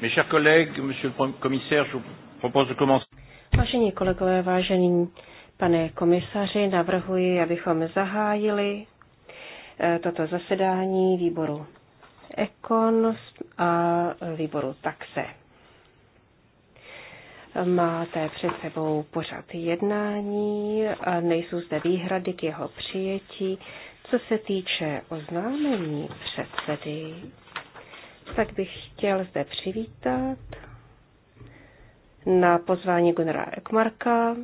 Mes chers collègues, monsieur le commissaire, je vous propose de commencer. Vážení kolegové, vážení pane komisaři, navrhuji, abychom zahájili eh, toto zasedání výboru Ekon a výboru Taxe. Máte před sebou pořad jednání a nejsou zde výhrady k jeho přijetí. Co se týče oznámení předsedy, tak bych chtěl zde přivítat na pozvání Gunnara Ekmarka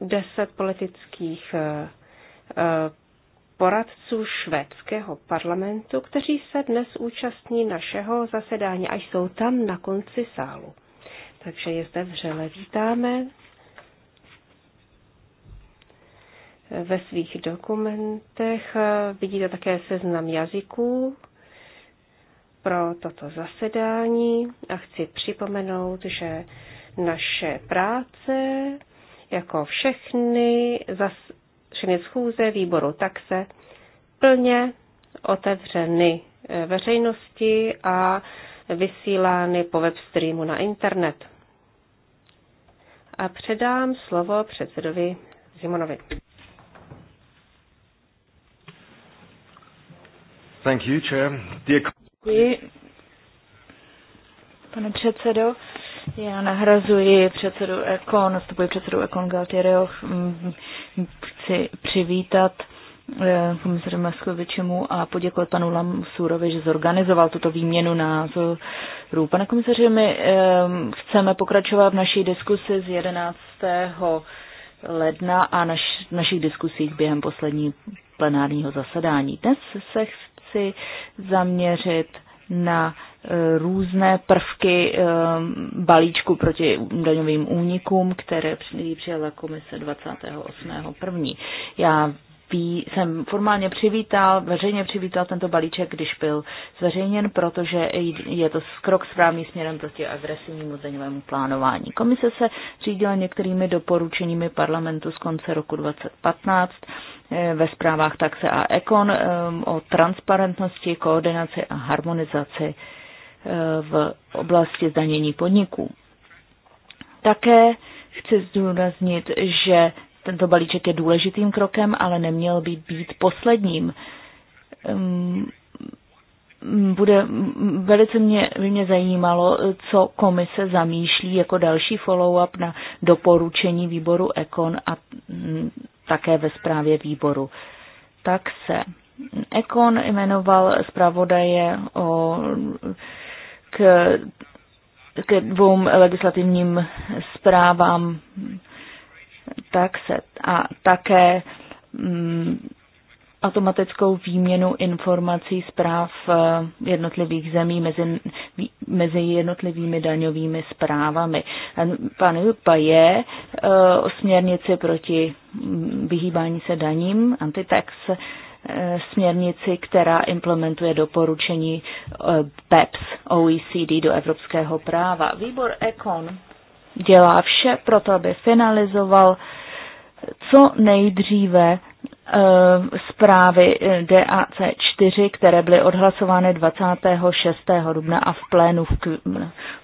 deset politických eh, eh, poradců švédského parlamentu, kteří se dnes účastní našeho zasedání, až jsou tam na konci sálu. Takže je zde vřele vítáme. Ve svých dokumentech eh, vidíte také seznam jazyků, pro toto zasedání a chci připomenout, že naše práce, jako všechny, zas, všechny schůze výboru taxe, plně otevřeny eh, veřejnosti a vysílány po webstreamu na internet. A předám slovo předsedovi Zimonovi. Thank you, Chair. Dear... Děkuji, pane předsedo. Já nahrazuji předsedu Ekon, nastupuji předsedu Ekon Galtierio. Chci přivítat eh, komisaře Maskovičemu a poděkovat panu Lamsurovi, že zorganizoval tuto výměnu názorů. Pane komisaři, my eh, chceme pokračovat v naší diskusi z 11 ledna a naš, našich diskusích během poslední plenárního zasedání. Dnes se chci zaměřit na eh, různé prvky eh, balíčku proti daňovým únikům, které přijala komise 28.1. Já pí, jsem formálně přivítal, veřejně přivítal tento balíček, když byl zveřejněn, protože je to krok správný směrem proti agresivnímu daňovému plánování. Komise se řídila některými doporučeními parlamentu z konce roku 2015 eh, ve zprávách Taxe a Ekon eh, o transparentnosti, koordinaci a harmonizaci eh, v oblasti zdanění podniků. Také chci zdůraznit, že tento balíček je důležitým krokem, ale neměl by být posledním. Ehm, bude, velice mě, by mě zajímalo, co komise zamýšlí jako další follow-up na doporučení výboru ECON a mm, také ve zprávě výboru. Tak se Ekon jmenoval zpravodaje o, k, k dvou legislativním zprávám tak se a také mm, automatickou výměnu informací zpráv eh, jednotlivých zemí mezi, mezi jednotlivými daňovými zprávami. Pan Jupa je eh, o směrnici proti mm, vyhýbání se daním, antitex eh, směrnici, která implementuje doporučení BEPS e OECD do evropského práva. Výbor ECON dělá vše pro to, aby finalizoval co nejdříve eh, zprávy eh, DAC4, které byly odhlasovány 26. dubna a v plénu v k...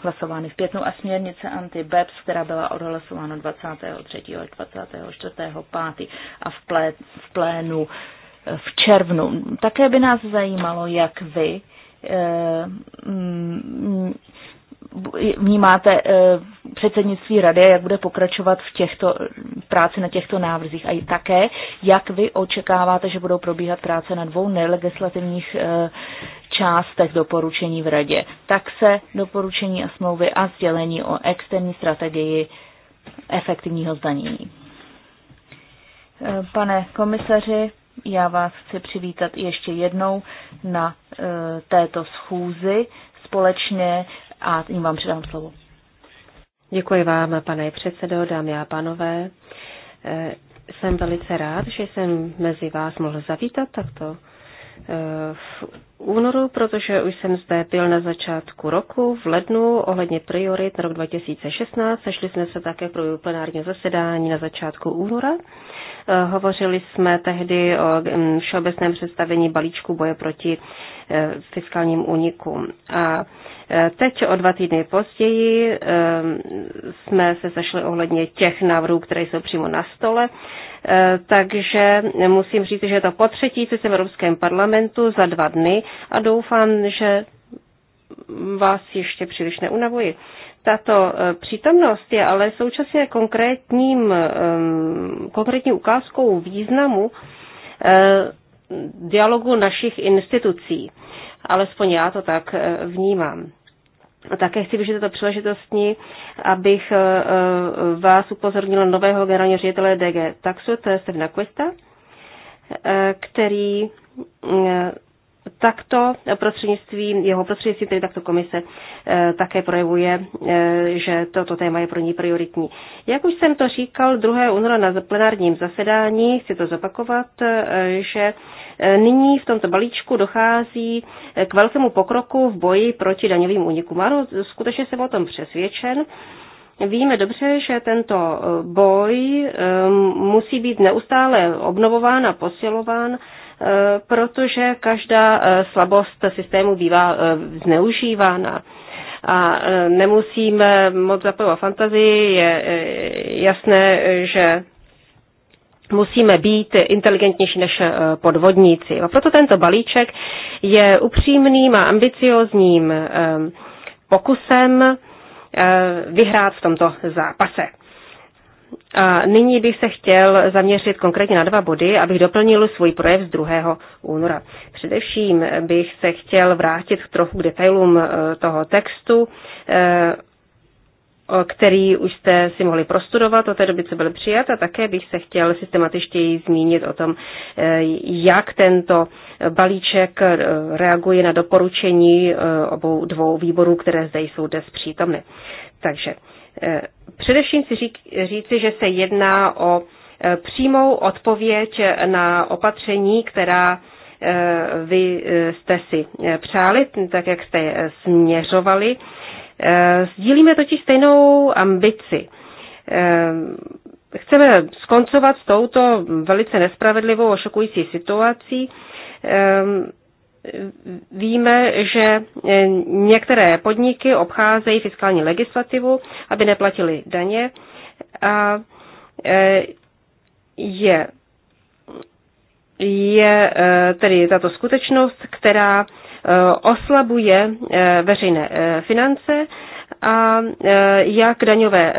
hlasovány v květnu a směrnice anti-BEPS, která byla odhlasována 23. a 24. 5. a v, plé... v plénu eh, v červnu. Také by nás zajímalo, jak vy vnímáte eh, předsednictví rady, jak bude pokračovat v těchto, práci na těchto návrzích a i také, jak vy očekáváte, že budou probíhat práce na dvou nelegislativních eh, částech doporučení v radě. Tak se doporučení a smlouvy a sdělení o externí strategii efektivního zdanění. Eh, pane komisaři, já vás chci přivítat ještě jednou na této schůzi společně a tím vám předám slovo. Děkuji vám, pane předsedo, dámy a pánové. Eh, jsem velice rád, že jsem mezi vás mohl zavítat takto eh, v únoru, protože už jsem zde byl na začátku roku, v lednu, ohledně priorit na rok 2016. Sešli jsme se také pro plenární zasedání na začátku února. Eh, hovořili jsme tehdy o mm, všeobecném představení balíčku boje proti fiskálním únikům. A Teď o dva týdny později ehm, jsme se sešli ohledně těch návrhů, které jsou přímo na stole. Ehm, takže musím říct, že je to po třetí v Evropském parlamentu za dva dny a doufám, že vás ještě příliš neunavuji. Tato eh, přítomnost je ale současně konkrétním, ehm, konkrétní ukázkou významu eh, dialogu našich institucí. Alespoň já to tak eh, vnímám. Také chci využít této příležitosti, abych eh, eh, vás upozornila nového generálního ředitele DG Taxu, to je Stevna Questa, eh, který takto prostřednictvím, jeho prostřednictvím, tedy takto komise eh, také projevuje, eh, že toto téma je pro ní prioritní. Jak už jsem to říkal 2. února na plenárním zasedání, chci to zopakovat, eh, že nyní v tomto balíčku dochází k velkému pokroku v boji proti daňovým únikům. Ano, skutečně jsem o tom přesvědčen. Víme dobře, že tento boj musí být neustále obnovován a posilován protože každá eh, slabost systému bývá eh, zneužívána a eh, nemusíme moc zapojovat fantazii. Je jasné, že musíme být inteligentnější než podvodníci. A proto tento balíček je upřímným a ambiciozním pokusem vyhrát v tomto zápase. A nyní bych se chtěl zaměřit konkrétně na dva body, abych doplnil svůj projev z 2. února. Především bych se chtěl vrátit trochu k detailům eh, toho textu, eh, který už jste si mohli prostudovat od té doby, co byl přijat, a také bych se chtěl systematičtěji zmínit o tom, eh, jak tento balíček reaguje na doporučení obou dvou výborů, které zde jsou dnes přítomny. Takže Eh, především si řík, říci, že se jedná o eh, přímou odpověď na opatření, která eh, vy jste si přáli, tak jak jste je směřovali. Sdílíme totiž stejnou ambici. Chceme skoncovat s touto velice nespravedlivou a šokující situací, Víme, že eh, některé podniky obcházejí fiskální legislativu, aby neplatili daně. A eh, je, je eh, tedy tato skutečnost, která oslabuje veřejné finance a jak daňové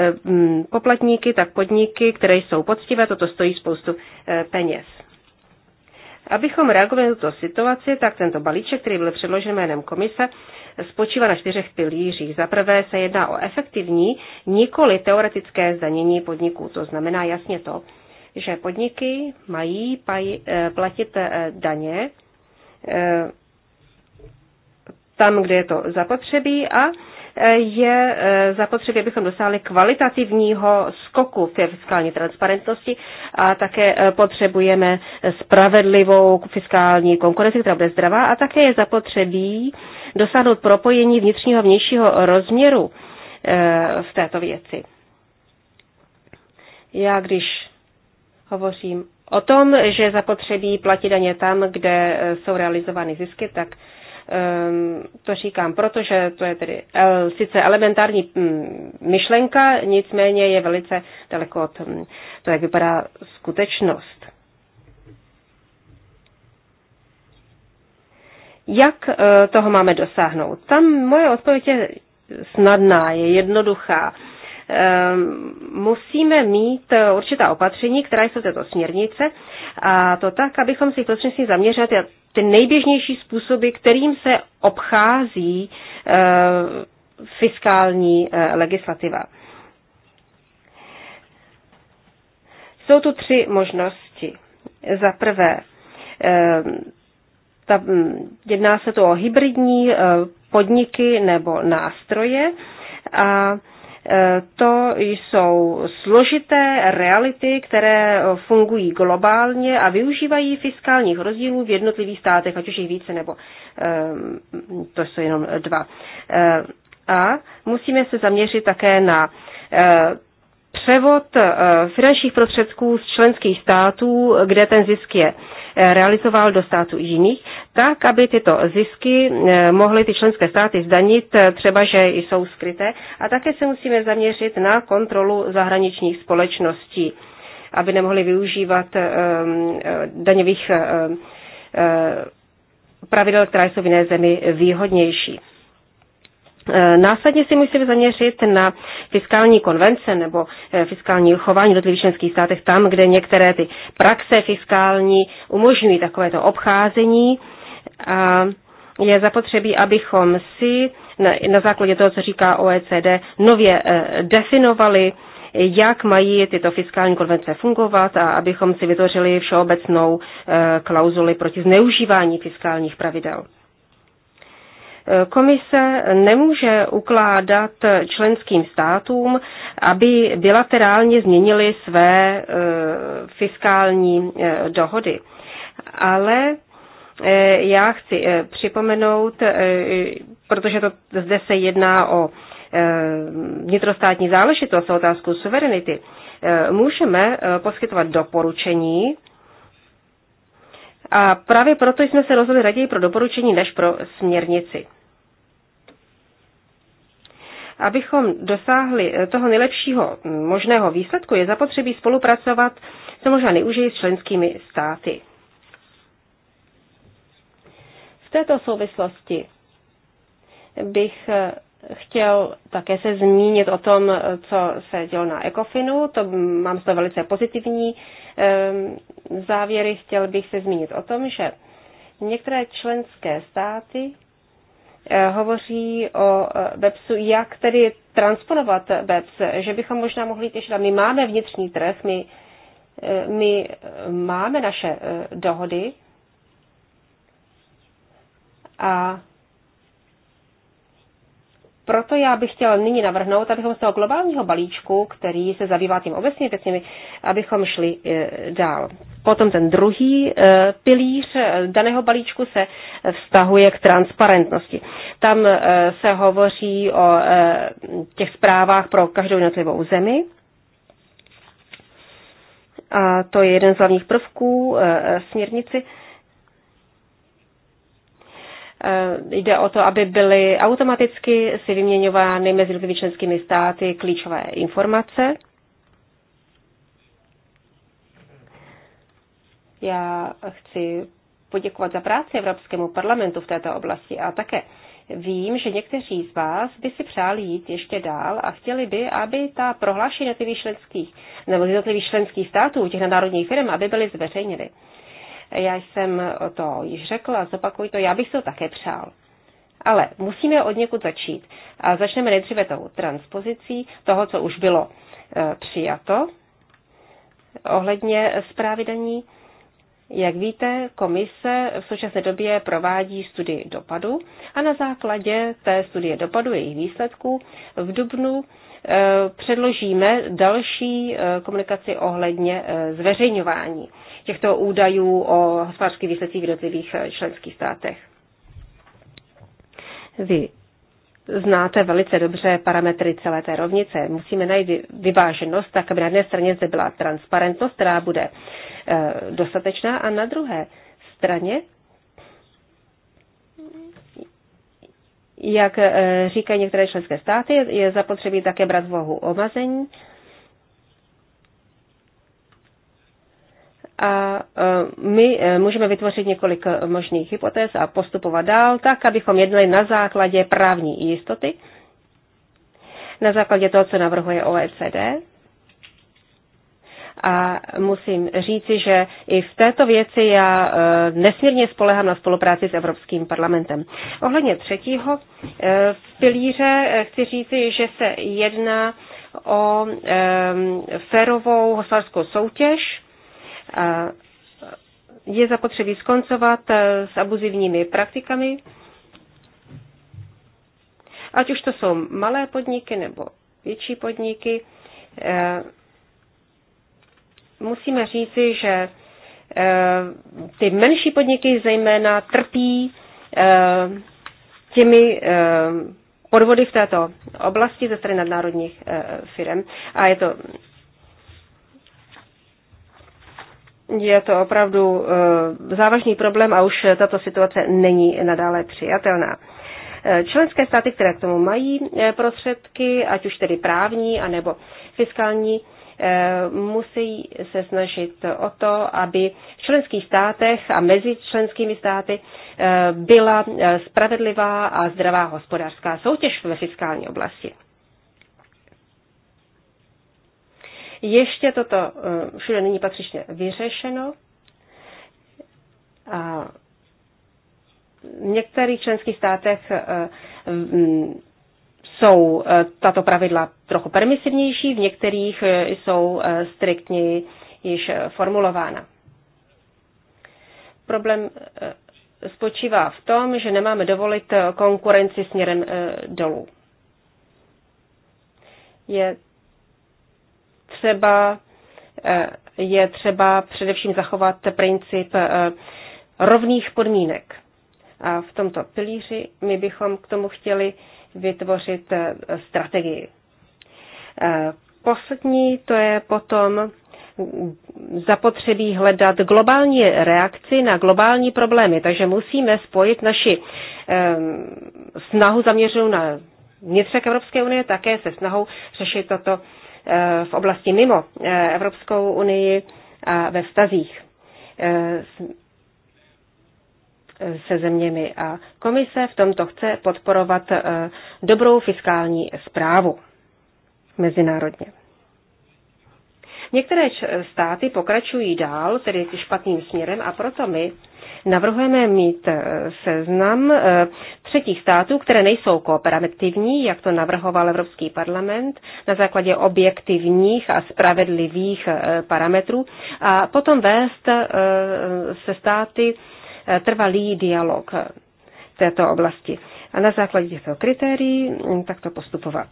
poplatníky, tak podniky, které jsou poctivé, toto stojí spoustu peněz. Abychom reagovali na tuto situaci, tak tento balíček, který byl předložen jménem komise, spočívá na čtyřech pilířích. Za prvé se jedná o efektivní, nikoli teoretické zdanění podniků. To znamená jasně to, že podniky mají paj, eh, platit eh, daně eh, tam, kde je to zapotřebí a je eh, zapotřebí, abychom dosáhli kvalitativního skoku v fiskální transparentnosti a také eh, potřebujeme spravedlivou fiskální konkurenci, která bude zdravá a také je zapotřebí dosáhnout propojení vnitřního a vnějšího rozměru eh, v této věci. Já když hovořím o tom, že zapotřebí platit daně tam, kde jsou realizovány zisky, tak Ehm, to říkám, protože to je tedy sice elementární mm, myšlenka, nicméně je velice daleko od mm, toho, jak vypadá skutečnost. Jak eh, toho máme dosáhnout? Tam moje odpověď je snadná, je jednoduchá. Ehm, musíme mít určitá opatření, která jsou této směrnice, a to tak, abychom si to přesně zaměřili ty, ty nejběžnější způsoby, kterým se obchází ehm, fiskální eh, legislativa. Jsou tu tři možnosti. Za prvé, ehm, ta, hm, jedná se to o hybridní eh, podniky nebo nástroje. A Eh, to jsou složité reality, které fungují globálně a využívají fiskálních rozdílů v jednotlivých státech, ať už jich více nebo eh, to jsou jenom dva. Eh, a musíme se zaměřit také na převod finančních prostředků z členských států, kde ten zisk je realizoval do států jiných, tak, aby tyto zisky eh, mohly ty členské státy zdanit, eh, třeba že jsou skryté. A také se musíme zaměřit na kontrolu zahraničních společností, aby nemohly využívat eh, daňových pravidel, která jsou v jiné zemi výhodnější. Eh, následně si musíme zaměřit na fiskální konvence nebo eh, fiskální chování v jednotlivých členských státech tam, kde některé ty praxe fiskální umožňují takovéto obcházení. A je zapotřebí, abychom si na, na základě toho, co říká OECD, nově eh, definovali, jak mají tyto fiskální konvence fungovat a abychom si vytvořili všeobecnou klauzuli proti zneužívání fiskálních pravidel. Komise nemůže ukládat členským státům, aby bilaterálně změnili své eh, fiskální eh, dohody. Ale eh, já chci připomenout, protože to zde se jedná o vnitrostátní záležitost, o otázku suverenity, můžeme poskytovat doporučení a právě proto jsme se rozhodli raději pro doporučení než pro směrnici. Abychom dosáhli eh, toho nejlepšího mm, možného výsledku, je zapotřebí spolupracovat co možná neužijí s členskými státy. V této souvislosti bych eh, chtěl také se zmínit o tom, co se dělo na Ecofinu. To mám z toho velice pozitivní ehm, závěry. Chtěl bych se zmínit o tom, že některé členské státy eh, hovoří o eh, BEPSu, jak tedy transponovat BEPS, že bychom možná mohli těšit. A my máme vnitřní trh, my, eh, my máme naše dohody a proto já bych chtěla nyní navrhnout, abychom z toho globálního balíčku, který se zabývá tím obecně věcmi, abychom šli eh, dál. Potom ten druhý eh, pilíř eh, daného balíčku se vztahuje k transparentnosti. Tam se hovoří o těch zprávách pro každou jednotlivou zemi. A to je jeden z hlavních prvků směrnici Eh, jde o to, aby byly automaticky si vyměňovány mezi jednotlivými členskými státy klíčové informace. Já chci poděkovat za práci Evropskému parlamentu v této oblasti a také Vím, že někteří z vás by si přáli jít ještě dál a chtěli by, aby ta prohlášení jednotlivých členských nebo jednotlivých členských států těch národních firm, aby byly zveřejněny. Já jsem to již řekla, zopakuj to, já bych to také přál. Ale musíme od někud začít. A začneme nejdříve tou transpozicí toho, co už bylo eh, přijato ohledně zprávy daní. Jak víte, komise v současné době provádí studii dopadu a na základě té studie dopadu, jejich výsledků, v Dubnu eh, předložíme další eh, komunikaci ohledně zveřejňování těchto údajů o hospodářských výsledcích v jednotlivých eh, členských státech. Vy znáte velice dobře parametry celé té rovnice. Musíme najít vyváženost, tak aby na jedné straně zde byla transparentnost, která bude eh, dostatečná, a na druhé straně, jak eh, říkají některé členské státy, je zapotřebí také brát v omazení a e, my e, můžeme vytvořit několik e, možných hypotéz a postupovat dál, tak, abychom jednali na základě právní jistoty, na základě toho, co navrhuje OECD. A musím říci, že i v této věci já nesmírně spolehám na spolupráci s Evropským parlamentem. Ohledně třetího pilíře chci říci, že se jedná o férovou hospodářskou soutěž, Eh, je zapotřebí skoncovat eh, s abuzivními praktikami, ať už to jsou malé podniky nebo větší podniky. Eh, musíme říci, že ty menší podniky zejména trpí těmi podvody v této oblasti ze strany nadnárodních firm. A je to Je to opravdu eh, závažný problém a už tato situace není nadále přijatelná. Eh, členské státy, které k tomu mají eh, prostředky, ať už tedy právní anebo fiskální, musí se snažit o to, aby v členských státech a mezi členskými státy byla spravedlivá a zdravá hospodářská soutěž ve fiskální oblasti. Ještě toto eh, všude není patřičně vyřešeno. A v některých členských státech eh, jsou eh, tato pravidla trochu permisivnější, v některých jsou striktně již formulována. Problém spočívá v tom, že nemáme dovolit konkurenci směrem dolů. Je třeba, eh, je třeba především zachovat princip eh, rovných podmínek. A v tomto pilíři my bychom k tomu chtěli vytvořit eh, strategii. Poslední to je potom zapotřebí hledat globální reakci na globální problémy. Takže musíme spojit naši ehm, snahu zaměřenou na vnitřek Evropské unie také se snahou řešit toto Eh, v oblasti mimo eh, Evropskou unii a ve vztazích eh, se zeměmi. A komise v tomto chce podporovat dobrou fiskální zprávu mezinárodně. Některé státy pokračují dál, tedy špatným směrem, a proto my Navrhujeme mít eh, seznam eh, třetích států, které nejsou kooperativní, jak to navrhoval Evropský parlament, na základě objektivních a spravedlivých eh, parametrů, a potom vést se státy trvalý dialog v této oblasti. A na základě těchto kritérií hm, takto postupovat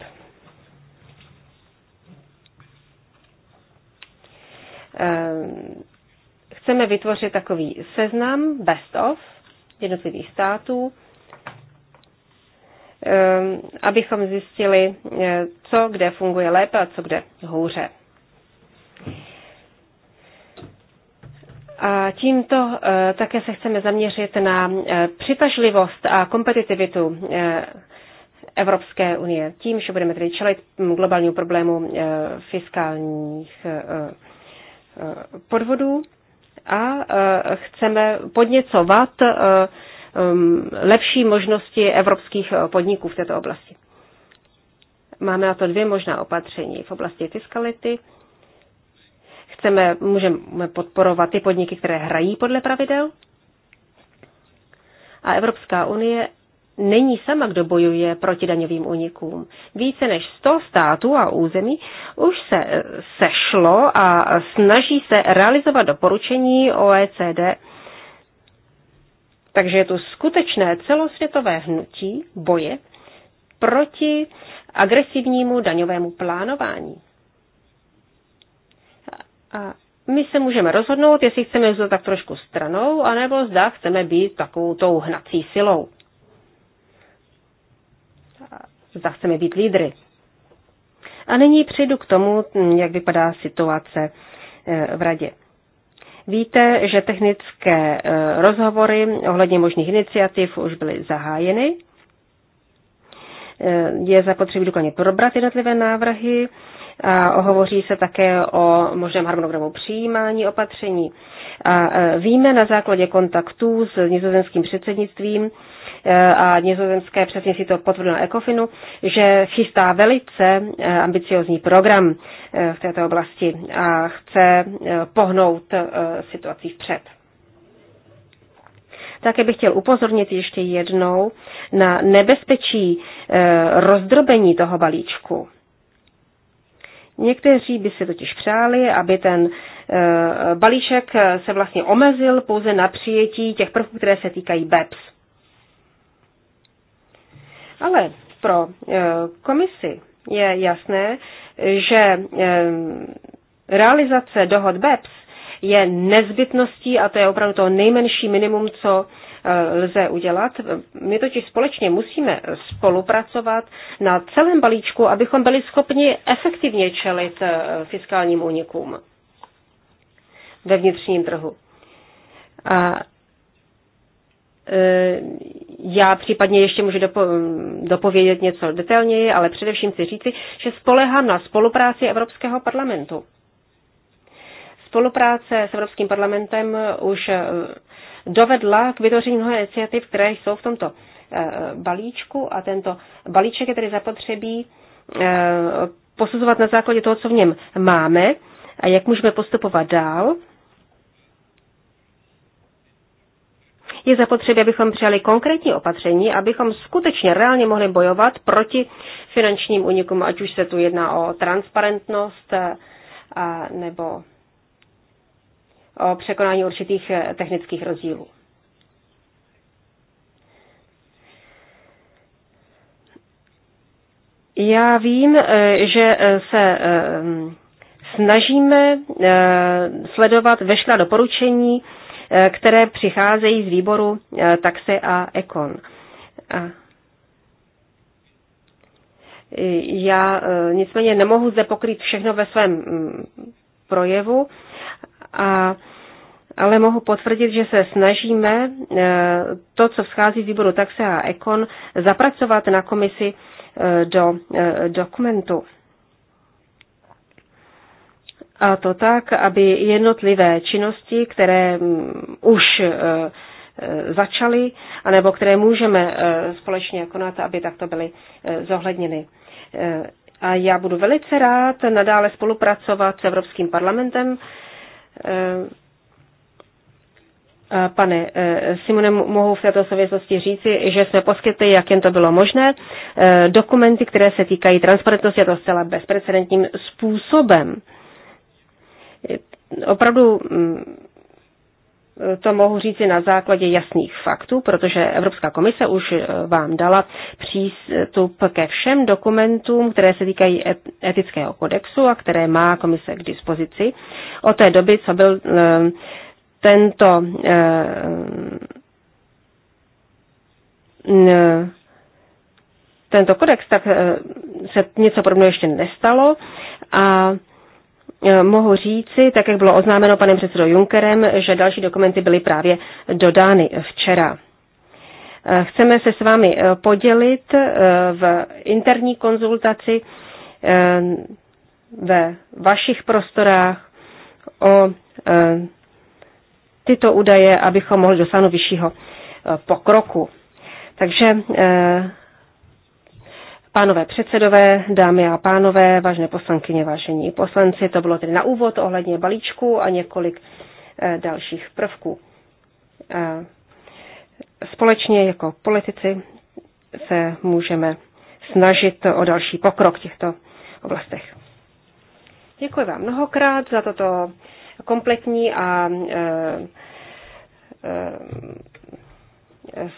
chceme vytvořit takový seznam best of jednotlivých států, ehm, abychom zjistili, eh, co kde funguje lépe a co kde hůře. A tímto eh, také se chceme zaměřit na eh, přitažlivost a kompetitivitu Evropské unie. Tím, že budeme tedy čelit globálnímu problému fiskálních podvodů a e, chceme podněcovat e, um, lepší možnosti evropských e, podniků v této oblasti. Máme na to dvě možná opatření v oblasti fiskality. Chceme, můžeme podporovat ty podniky, které hrají podle pravidel. A Evropská unie není sama, kdo bojuje proti daňovým unikům. Více než 100 států a území už se eh, sešlo a snaží se realizovat doporučení OECD. Takže je tu skutečné celosvětové hnutí boje proti agresivnímu daňovému plánování. A my se můžeme rozhodnout, jestli chceme zůstat tak trošku stranou, anebo zda chceme být takovou tou hnací silou zda chceme být lídry. A nyní přejdu k tomu, jak vypadá situace eh, v radě. Víte, že technické eh, rozhovory ohledně možných iniciativ už byly zahájeny. Eh, je zapotřebí důkladně probrat jednotlivé návrhy. A hovoří se také o možném harmonogramu přijímání opatření. A víme na základě kontaktů s nizozemským předsednictvím, Eh, a nizozemské si to potvrdilo Ekofinu, že chystá velice eh, ambiciozní program eh, v této oblasti a chce pohnout situací vpřed. Také bych chtěl upozornit ještě jednou na nebezpečí rozdrobení toho balíčku. Někteří by si totiž přáli, aby ten balíček se vlastně omezil pouze na přijetí těch prvků, které se týkají BEPS. Ale pro eh, komisi je jasné, že eh, realizace dohod BEPS je nezbytností a to je opravdu to nejmenší minimum, co eh, lze udělat. My totiž společně musíme spolupracovat na celém balíčku, abychom byli schopni efektivně čelit fiskálním únikům ve vnitřním trhu. A já případně ještě můžu dopo, dopovědět něco detailněji, ale především chci říci, že spolehám na spolupráci Evropského parlamentu. Spolupráce s Evropským parlamentem už eh, dovedla k vytvoření mnoha iniciativ, které jsou v tomto eh, balíčku a tento balíček je tedy zapotřebí eh, posuzovat na základě toho, co v něm máme a jak můžeme postupovat dál. je zapotřebí, abychom přijali konkrétní opatření, abychom skutečně reálně mohli bojovat proti finančním unikům, ať už se tu jedná o transparentnost eh, a, nebo o překonání určitých eh, technických rozdílů. Já vím, eh, že se snažíme sledovat veškerá doporučení Eh, které přicházejí z výboru eh, taxe a ekon. A já eh, nicméně nemohu zde pokrýt všechno ve svém mm, projevu, a, ale mohu potvrdit, že se snažíme to, co vzchází z výboru taxe a ekon, zapracovat na komisi do dokumentu. A to tak, aby jednotlivé činnosti, které mm, už e, e, začaly, anebo které můžeme e, společně konat, aby takto byly zohledněny. A já budu velice rád nadále spolupracovat s Evropským parlamentem. Pane Simone, mohu v této souvislosti říci, že jsme poskytli, jak jen to bylo možné, dokumenty, které se týkají transparentnosti a to zcela bezprecedentním způsobem. Opravdu mm, to mohu říci na základě jasných faktů, protože Evropská komise už eh, vám dala přístup ke všem dokumentům, které se týkají etického kodexu a které má komise k dispozici. Od té doby, co byl eh, tento eh, tento kodex, tak se něco podobného ještě nestalo a Eh, mohu říci, tak jak bylo oznámeno panem předsedou Junkerem, že další dokumenty byly právě dodány včera. Eh, chceme se s vámi eh, podělit v interní konzultaci ve vašich prostorách o tyto údaje, abychom mohli dosáhnout vyššího pokroku. Takže Pánové předsedové, dámy a pánové, vážné poslankyně, vážení poslanci, to bylo tedy na úvod ohledně balíčku a několik eh, dalších prvků. Eh, společně jako politici se můžeme snažit o další pokrok v těchto oblastech. Děkuji vám mnohokrát za toto kompletní a eh,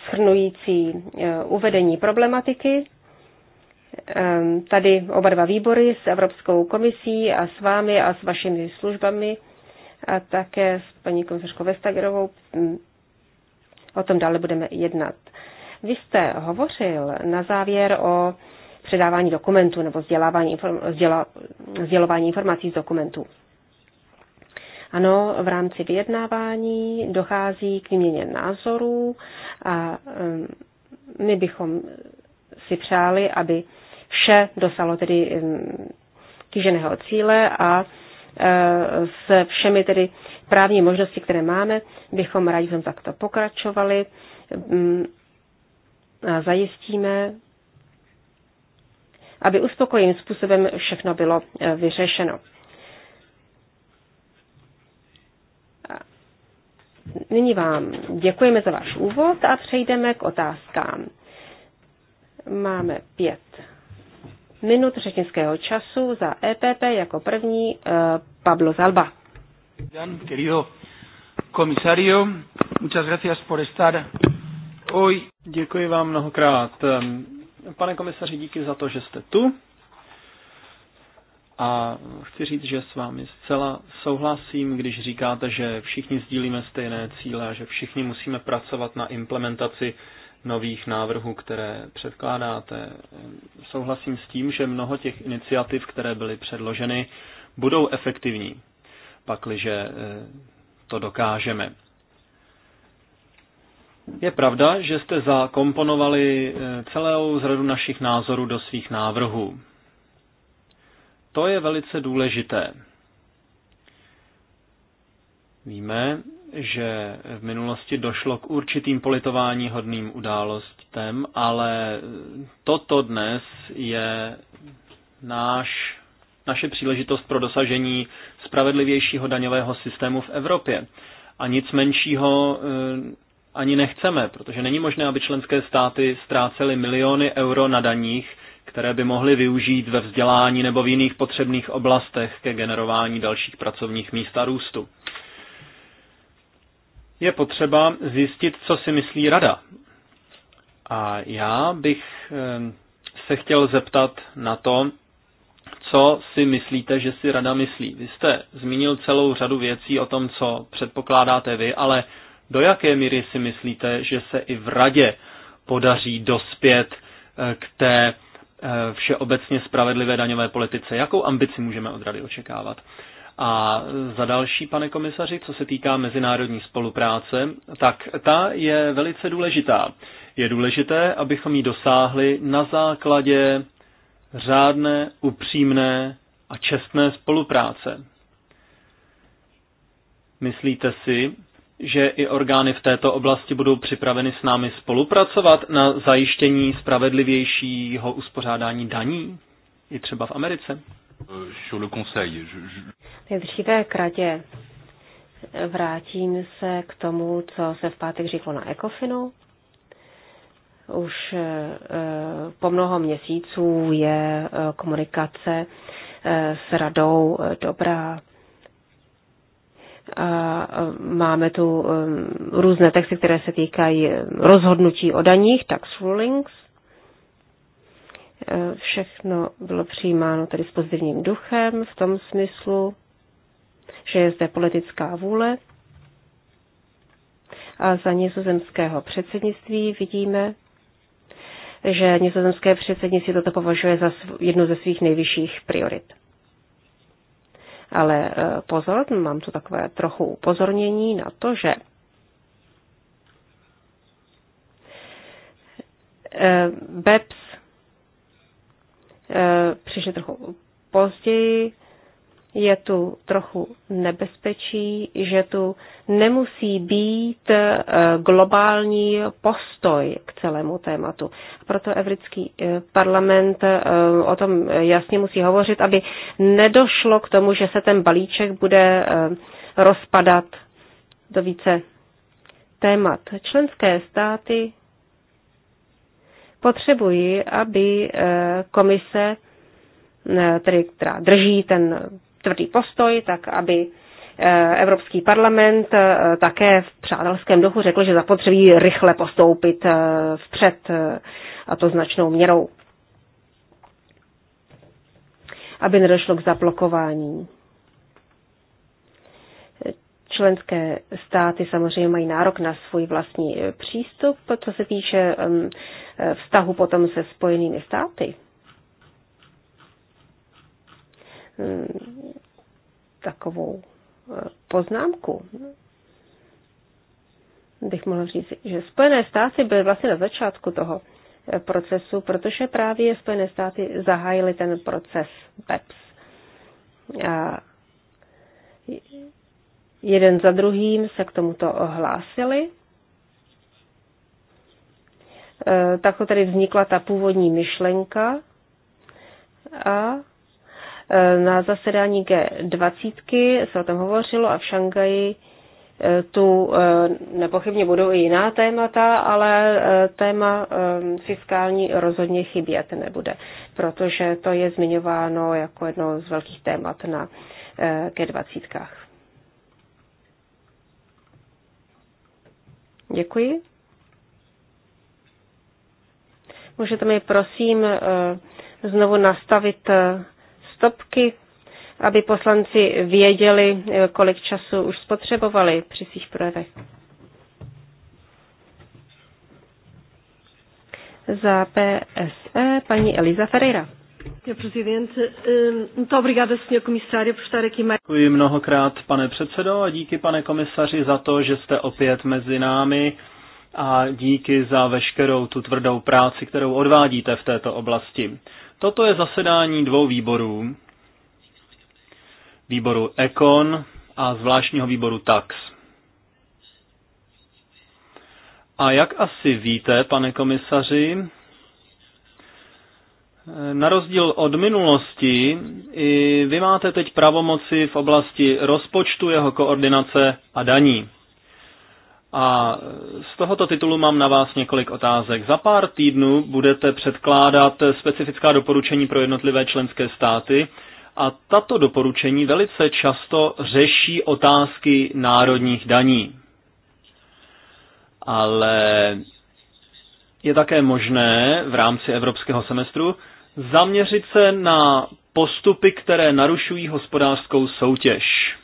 schrnující uvedení problematiky. Ehm, tady oba dva výbory s Evropskou komisí a s vámi a s vašimi službami a také s paní komisařkou Vestagerovou. Ehm, o tom dále budeme jednat. Vy jste hovořil na závěr o předávání dokumentů nebo vzdělávání, vzděla, vzdělování informací z dokumentů. Ano, v rámci vyjednávání dochází k výměně názorů a ehm, my bychom si přáli, aby Vše dosalo tedy kýženého cíle a e, s všemi tedy právní možnosti, které máme, bychom rádi v takto pokračovali a zajistíme, aby uspokojivým způsobem všechno bylo e, vyřešeno. Nyní vám děkujeme za váš úvod a přejdeme k otázkám. Máme pět minut řečnického času za EPP jako první eh, Pablo Zalba. Jan, querido komisario, muchas gracias por estar hoy. Děkuji vám mnohokrát. Pane komisaři, díky za to, že jste tu. A chci říct, že s vámi zcela souhlasím, když říkáte, že všichni sdílíme stejné cíle a že všichni musíme pracovat na implementaci nových návrhů, které předkládáte. Souhlasím s tím, že mnoho těch iniciativ, které byly předloženy, budou efektivní, pakliže eh, to dokážeme. Je pravda, že jste zakomponovali eh, celou zradu našich názorů do svých návrhů. To je velice důležité. Víme, že v minulosti došlo k určitým politování hodným událostem, ale toto dnes je náš, naše příležitost pro dosažení spravedlivějšího daňového systému v Evropě. A nic menšího eh, ani nechceme, protože není možné, aby členské státy ztrácely miliony euro na daních, které by mohly využít ve vzdělání nebo v jiných potřebných oblastech ke generování dalších pracovních míst a růstu je potřeba zjistit, co si myslí rada. A já bych se chtěl zeptat na to, co si myslíte, že si rada myslí. Vy jste zmínil celou řadu věcí o tom, co předpokládáte vy, ale do jaké míry si myslíte, že se i v radě podaří dospět eh, k té eh, všeobecně spravedlivé daňové politice? Jakou ambici můžeme od rady očekávat? A za další, pane komisaři, co se týká mezinárodní spolupráce, tak ta je velice důležitá. Je důležité, abychom ji dosáhli na základě řádné, upřímné a čestné spolupráce. Myslíte si, že i orgány v této oblasti budou připraveny s námi spolupracovat na zajištění spravedlivějšího uspořádání daní, i třeba v Americe? Euh, sur le conseil. Nejdříve k radě. Vrátím se k tomu, co se v pátek říkalo na Ecofinu. Už eh, po mnoho měsíců je eh, komunikace eh, s radou dobrá. A máme tu různé texty, které se týkají rozhodnutí o daních, tax rulings, Eh, všechno bylo přijímáno tedy s pozitivním duchem v tom smyslu, že je zde politická vůle. A za nizozemského předsednictví vidíme, že nizozemské předsednictví toto považuje za jednu ze svých nejvyšších priorit. Ale eh, pozor, mám tu takové trochu upozornění na to, že eh, BEPS Eh, přišli trochu později. Je tu trochu nebezpečí, že tu nemusí být eh, globální postoj k celému tématu. Proto Evropský eh, parlament o tom jasně musí hovořit, aby nedošlo k tomu, že se ten balíček bude rozpadat do více témat. Členské státy potřebuji, aby eh, komise, eh, tedy, která drží ten tvrdý postoj, tak aby eh, Evropský parlament také v přátelském duchu řekl, že zapotřebí rychle postoupit vpřed a to značnou měrou, aby nedošlo k zablokování Členské státy samozřejmě mají nárok na svůj vlastní eh, přístup, co se týče eh, vztahu potom se spojenými státy. Hmm, takovou eh, poznámku bych mohla říct, že Spojené státy byly vlastně na začátku toho procesu, protože právě Spojené státy zahájily ten proces BEPS. A jeden za druhým se k tomuto ohlásili. E, Takto tedy vznikla ta původní myšlenka a e, na zasedání G20 se o tom hovořilo a v Šangaji e, tu nepochybně budou i jiná témata, ale téma fiskální rozhodně chybět nebude, protože to je zmiňováno jako jedno z velkých témat na G20. -kách. Děkuji. Můžete mi prosím eh, znovu nastavit eh, stopky, aby poslanci věděli, eh, kolik času už spotřebovali při svých projevech. Za PSE paní Eliza Ferreira. Eh, Děkuji mnohokrát, pane předsedo, a díky, pane komisaři, za to, že jste opět mezi námi a díky za veškerou tu tvrdou práci, kterou odvádíte v této oblasti. Toto je zasedání dvou výborů. Výboru Econ a zvláštního výboru Tax. A jak asi víte, pane komisaři, na rozdíl od minulosti, i vy máte teď pravomoci v oblasti rozpočtu, jeho koordinace a daní. A z tohoto titulu mám na vás několik otázek. Za pár týdnů budete předkládat specifická doporučení pro jednotlivé členské státy a tato doporučení velice často řeší otázky národních daní. Ale je také možné v rámci evropského semestru zaměřit se na postupy, které narušují hospodářskou soutěž.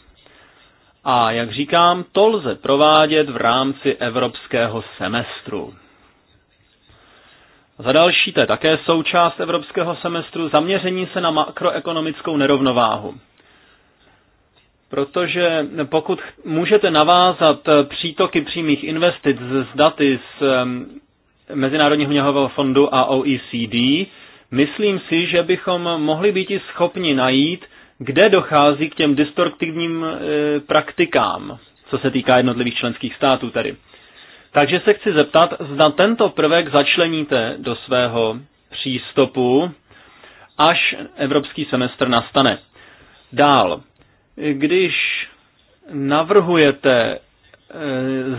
A jak říkám, to lze provádět v rámci evropského semestru. Za další, to je také součást evropského semestru, zaměření se na makroekonomickou nerovnováhu. Protože pokud můžete navázat přítoky přímých investic z daty z Mezinárodního měnového fondu a OECD, Myslím si, že bychom mohli být i schopni najít, kde dochází k těm distortivním e, praktikám, co se týká jednotlivých členských států tady. Takže se chci zeptat, zda tento prvek začleníte do svého přístupu, až evropský semestr nastane. Dál, když navrhujete e,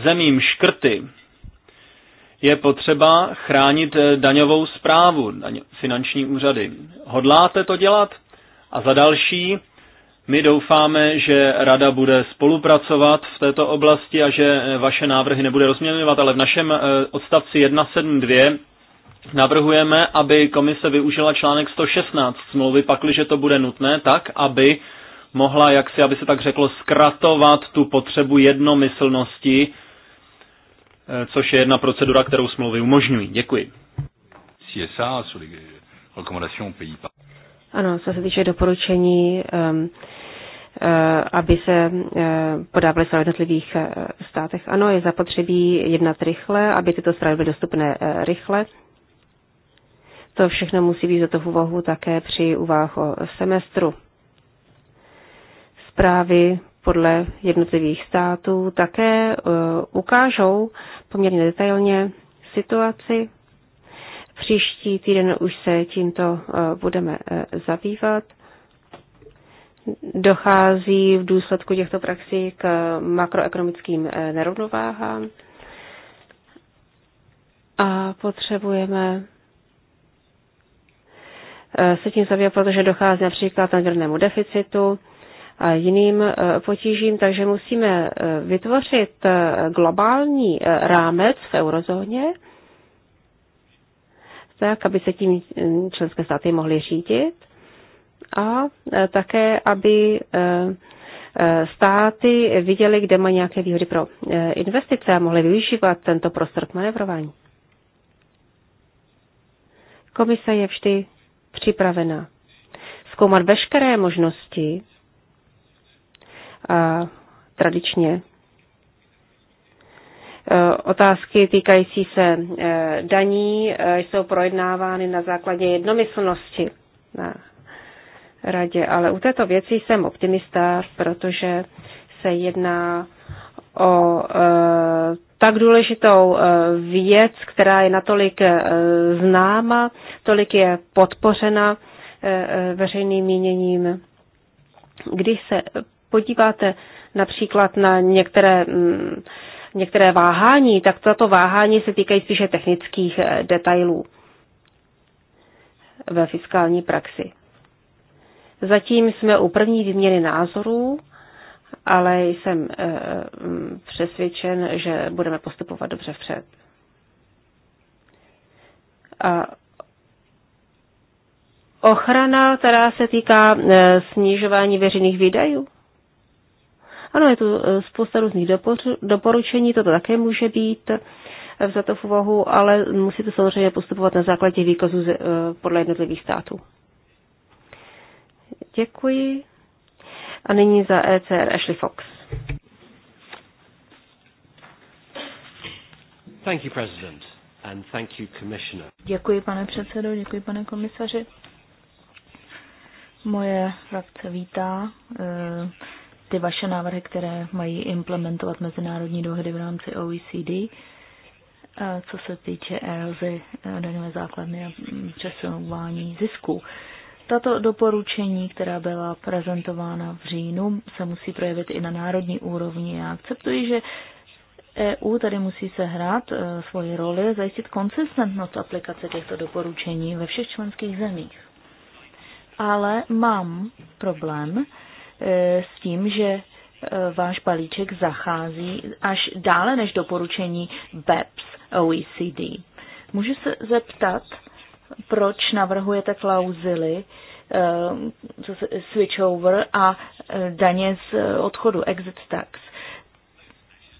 zemím škrty, je potřeba chránit eh, daňovou zprávu, finanční úřady. Hodláte to dělat? A za další, my doufáme, že Rada bude spolupracovat v této oblasti a že eh, vaše návrhy nebude rozměňovat, ale v našem eh, odstavci 172 navrhujeme, aby komise využila článek 116 smlouvy, pakliže to bude nutné, tak, aby mohla, jak si, aby se tak řeklo, zkratovat tu potřebu jednomyslnosti Eh, což je jedna procedura, kterou smlouvy umožňují. Děkuji. CSA, eh, ano, co se týče doporučení, eh, aby se podávaly v jednotlivých státech. Ano, je zapotřebí jednat rychle, aby tyto zprávy byly dostupné rychle. To všechno musí být za to v úvahu také při úvah o semestru. Zprávy podle jednotlivých států také e, ukážou poměrně detailně situaci. Příští týden už se tímto e, budeme e, zabývat. Dochází v důsledku těchto praxí k makroekonomickým nerovnováhám a potřebujeme se tím zabývat, protože dochází například k nadměrnému deficitu, jiným e, potížím, takže musíme e, vytvořit e, globální rámec v eurozóně, tak, aby se tím členské státy mohly řídit a také, aby státy viděly, kde mají nějaké výhody pro investice a mohly využívat tento prostor k manevrování. Komise je vždy připravena zkoumat veškeré možnosti, a tradičně. E, otázky týkající se e, daní e, jsou projednávány na základě jednomyslnosti na radě, ale u této věci jsem optimista, protože se jedná o tak důležitou věc, která je natolik známa, tolik je podpořena veřejným míněním, když se podíváte například na některé, mm, některé váhání, tak tato váhání se týkají spíše technických eh, detailů ve fiskální praxi. Zatím jsme u první výměny názorů, ale jsem eh, mm, přesvědčen, že budeme postupovat dobře vpřed. A ochrana, která se týká eh, snižování veřejných výdajů. Ano, je tu e, spousta různých doporučení, toto také může být e, vzato v úvahu, ale musíte samozřejmě postupovat na základě výkazů e, podle jednotlivých států. Děkuji. A nyní za ECR Ashley Fox. Thank you, President, and thank you, Commissioner. Děkuji, pane předsedo, děkuji, pane komisaři. Moje frakce vítá ty vaše návrhy, které mají implementovat mezinárodní dohody v rámci OECD, co se týče erozy daňové základny a mm, přesunování zisků. Tato doporučení, která byla prezentována v říjnu, se musí projevit i na národní úrovni. Já akceptuji, že EU tady musí se hrát e, svoji roli, zajistit konsistentnost aplikace těchto doporučení ve všech členských zemích. Ale mám problém, E, s tím, že e, váš balíček zachází až dále než doporučení BEPS OECD. Můžu se zeptat, proč navrhujete klauzily e, switchover a daně z odchodu, exit tax.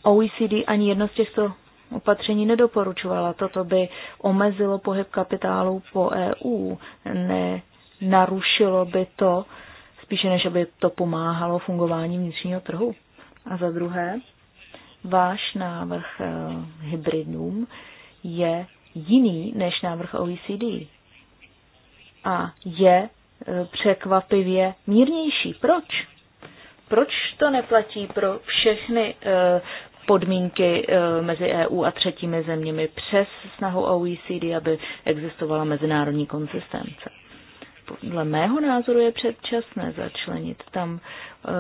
OECD ani jedno z těchto opatření nedoporučovala. Toto by omezilo pohyb kapitálu po EU, ne, narušilo by to spíše než aby to pomáhalo fungování vnitřního trhu. A za druhé, váš návrh eh, hybridům je jiný než návrh OECD a je eh, překvapivě mírnější. Proč? Proč to neplatí pro všechny eh, podmínky mezi EU a třetími zeměmi přes snahu OECD, aby existovala mezinárodní konsistence? podle mého názoru je předčasné začlenit tam eh,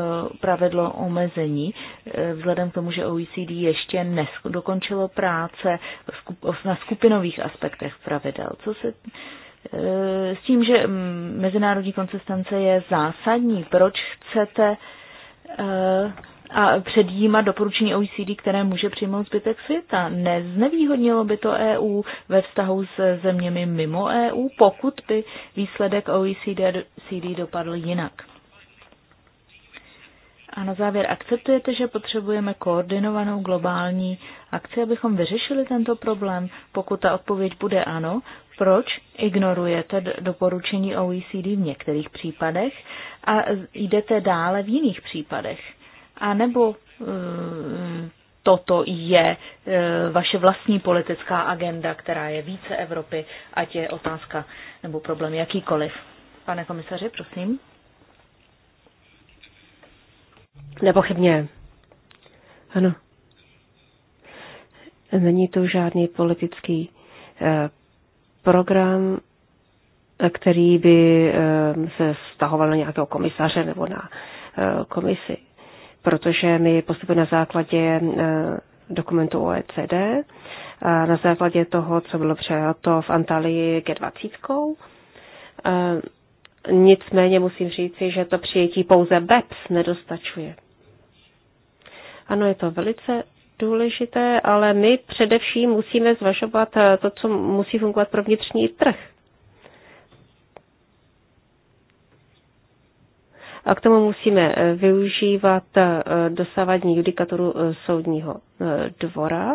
pravidlo omezení, eh, vzhledem k tomu, že OECD ještě dokončilo práce na skupinových aspektech pravidel. Co se eh, s tím, že mm, mezinárodní konsistence je zásadní, proč chcete a předjímat doporučení OECD, které může přijmout zbytek světa. Neznevýhodnilo by to EU ve vztahu s zeměmi mimo EU, pokud by výsledek OECD CD dopadl jinak. A na závěr, akceptujete, že potřebujeme koordinovanou globální akci, abychom vyřešili tento problém? Pokud ta odpověď bude ano, proč ignorujete doporučení OECD v některých případech a jdete dále v jiných případech? A nebo eh, toto je eh, vaše vlastní politická agenda, která je více Evropy, ať je otázka nebo problém jakýkoliv. Pane komisaři, prosím. Nepochybně. Ano. Není to žádný politický eh, program, který by se stahoval na nějakého komisaře nebo na komisi protože my postupujeme na základě eh, dokumentu OECD, na základě toho, co bylo přijato v Antalii G20. Eh, nicméně musím říci, že to přijetí pouze BEPS nedostačuje. Ano, je to velice důležité, ale my především musíme zvažovat eh, to, co musí fungovat pro vnitřní trh. A k tomu musíme eh, využívat eh, dosavadní judikaturu eh, soudního dvora.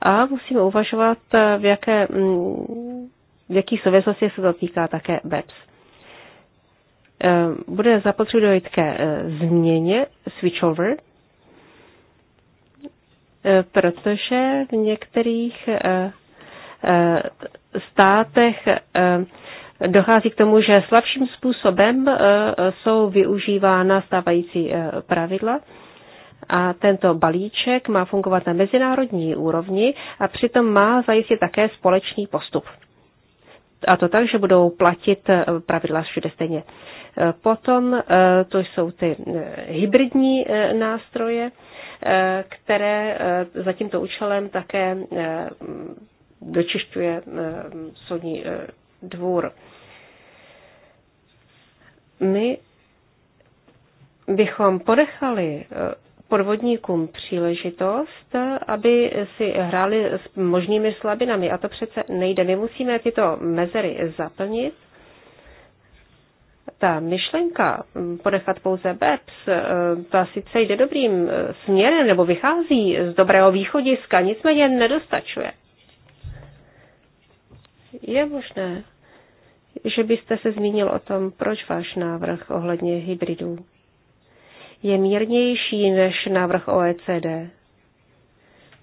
A musíme uvažovat, v, jaké, mm, v jakých souvislostech se to týká také BEPS. Bude zapotřebí dojít ke změně switchover, protože v některých státech dochází k tomu, že slabším způsobem eh, jsou využívána stávající eh, pravidla. A tento balíček má fungovat na mezinárodní úrovni a přitom má zajistit také společný postup. A to tak, že budou platit eh, pravidla všude stejně. Potom to jsou ty hybridní nástroje, které za tímto účelem také dočišťuje soudní dvůr. My bychom podechali eh, podvodníkům příležitost, eh, aby si hráli s možnými slabinami. A to přece nejde. My musíme tyto mezery zaplnit. Ta myšlenka hm, podechat pouze BEPS, eh, ta sice jde dobrým směrem nebo vychází z dobrého východiska, nicméně nedostačuje. Je možné, že byste se zmínil o tom, proč váš návrh ohledně hybridů je mírnější než návrh OECD.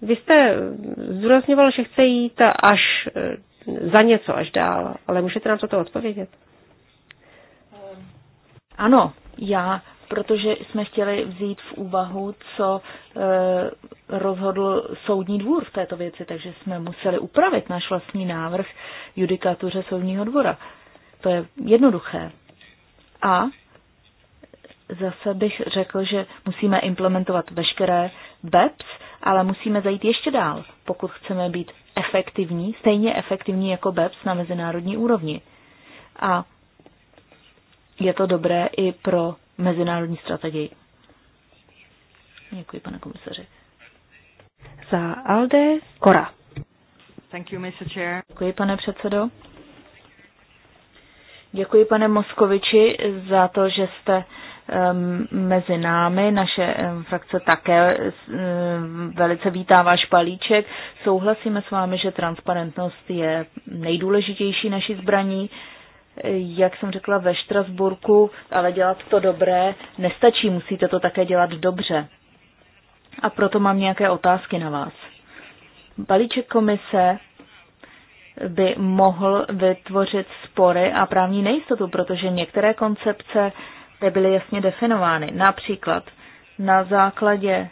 Vy jste zdůrazňoval, že chce jít až eh, za něco až dál, ale můžete nám toto odpovědět? Ano, já, protože jsme chtěli vzít v úvahu, co e, rozhodl soudní dvůr v této věci, takže jsme museli upravit náš vlastní návrh judikatuře soudního dvora. E, to je jednoduché. A zase bych řekl, že musíme implementovat veškeré BEPS, ale musíme zajít ještě dál, pokud chceme být efektivní, stejně efektivní jako BEPS na mezinárodní úrovni. A je to dobré i pro mezinárodní strategii. Děkuji, pane komisaři. Za Alde Kora. Thank you, Mr. Chair. Děkuji, pane předsedo. Děkuji, pane Moskoviči, za to, že jste mezi námi. Naše frakce také velice vítá váš palíček. Souhlasíme s vámi, že transparentnost je nejdůležitější naší zbraní. Jak jsem řekla ve Štrasburku, ale dělat to dobré nestačí, musíte to také dělat dobře. A proto mám nějaké otázky na vás. Balíček komise by mohl vytvořit spory a právní nejistotu, protože některé koncepce byly jasně definovány. Například na základě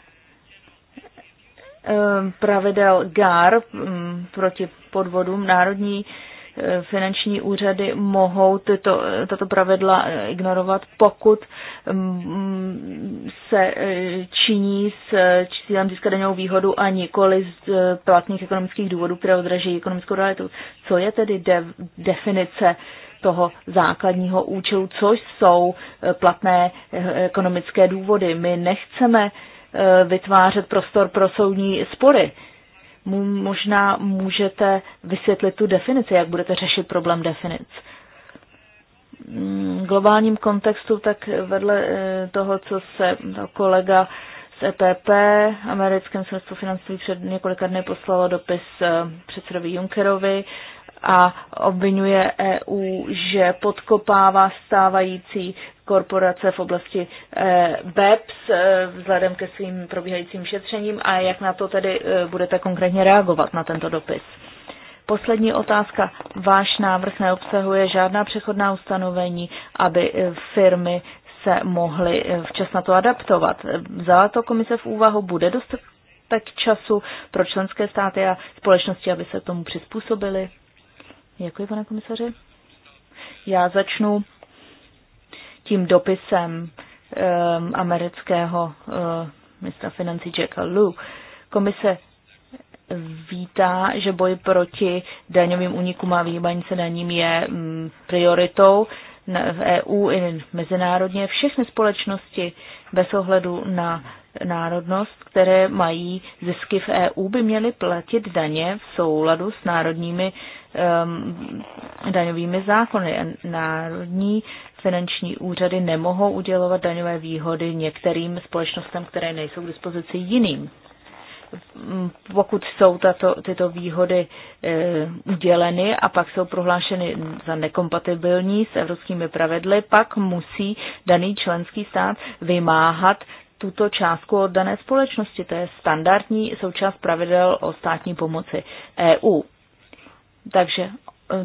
eh, pravidel GAR mm, proti podvodům národní finanční úřady mohou tyto, tato pravidla eh, ignorovat, pokud mm, se eh, činí eh, s cílem získat daňovou výhodu a nikoli z platných ekonomických důvodů, které odraží ekonomickou realitu. Co je tedy de- definice toho základního účelu, co jsou platné ekonomické důvody. My nechceme vytvářet prostor pro soudní spory možná můžete vysvětlit tu definici, jak budete řešit problém definic. V globálním kontextu, tak vedle eh, toho, co se kolega z EPP, americkém ministerstvo financí před několika dny poslalo dopis eh, předsedovi Junckerovi, a obvinuje EU, že podkopává stávající korporace v oblasti e, BEPS e, vzhledem ke svým probíhajícím šetřením a jak na to tedy e, budete konkrétně reagovat na tento dopis. Poslední otázka. Váš návrh neobsahuje žádná přechodná ustanovení, aby firmy se mohly včas na to adaptovat. Vzala to komise v úvahu, bude dostatek času pro členské státy a společnosti, aby se tomu přizpůsobili? Děkuji, pane komisaři. Já začnu tím dopisem um, amerického uh, ministra financí Jacka Lou. Komise vítá, že boj proti daňovým únikům a výhýbání se daním je um, prioritou v EU i mezinárodně. Všechny společnosti bez ohledu na národnost, které mají zisky v EU, by měly platit daně v souladu s národními um, daňovými zákony. Národní finanční úřady nemohou udělovat daňové výhody některým společnostem, které nejsou k dispozici jiným. Mm, pokud jsou tato, tyto výhody e, uděleny a pak jsou prohlášeny za nekompatibilní s evropskými pravidly, pak musí daný členský stát vymáhat tuto částku od dané společnosti. To je standardní součást pravidel o státní pomoci EU. Takže eh,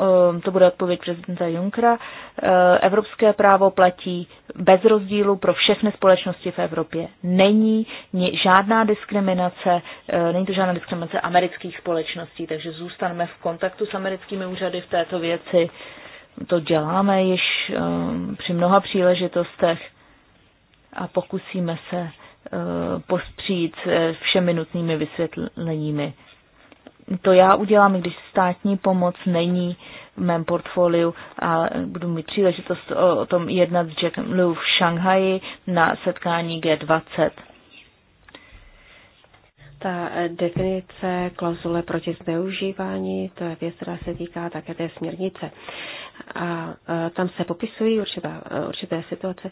eh, to bude odpověď prezidenta Junkra. Eh, evropské právo platí bez rozdílu pro všechny společnosti v Evropě. Není žádná diskriminace, není to žádná diskriminace amerických společností, takže zůstaneme v kontaktu s americkými úřady v této věci. To děláme již při mnoha příležitostech a pokusíme se postřít všemi nutnými vysvětleními to já udělám, i když státní pomoc není v mém portfoliu a budu mít příležitost o, o tom jednat s Jackem Liu v Šanghaji na setkání G20. Ta definice klauzule proti zneužívání, to je věc, která se týká také té směrnice. A e, tam se popisují určitá, e, určité situace,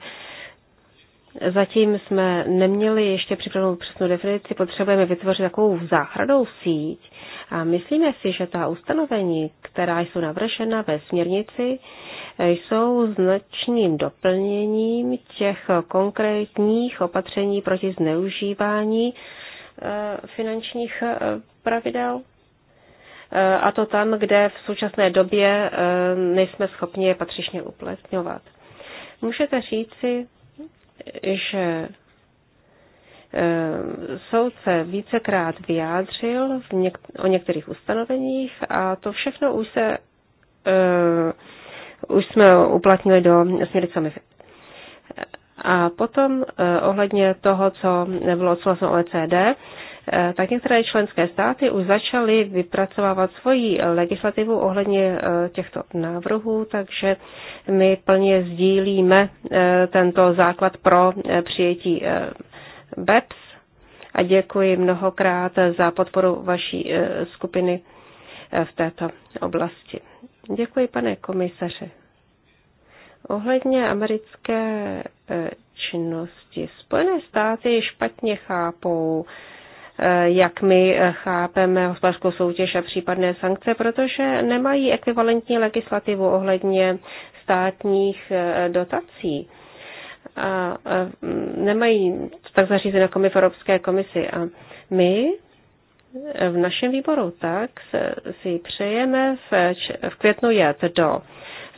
Zatím jsme neměli ještě připravenou přesnou definici, potřebujeme vytvořit takovou záchradou síť a myslíme si, že ta ustanovení, která jsou navržena ve směrnici, jsou značným doplněním těch konkrétních opatření proti zneužívání eh, finančních eh, pravidel. Eh, a to tam, kde v současné době nejsme schopni je patřičně uplatňovat. Můžete říci, že eh, soud se vícekrát vyjádřil v něk- o některých ustanoveních a to všechno už se uh, už jsme uplatnili do směrnice MIFID. A potom uh, ohledně toho, co bylo odsouhlaseno OECD, Eh, tak některé členské státy už začaly vypracovávat svoji legislativu ohledně eh, těchto návrhů, takže my plně sdílíme eh, tento základ pro přijetí BEPS a děkuji mnohokrát za podporu vaší skupiny v této oblasti. Děkuji, pane komisaře. Ohledně americké činnosti. Spojené státy špatně chápou Eh, jak my chápeme hospodářskou soutěž a případné sankce, protože nemají ekvivalentní legislativu ohledně státních eh, dotací. A eh, nemají tak zařízeno jako my v Evropské komisi. A my v našem výboru tak si přejeme v, v květnu jet do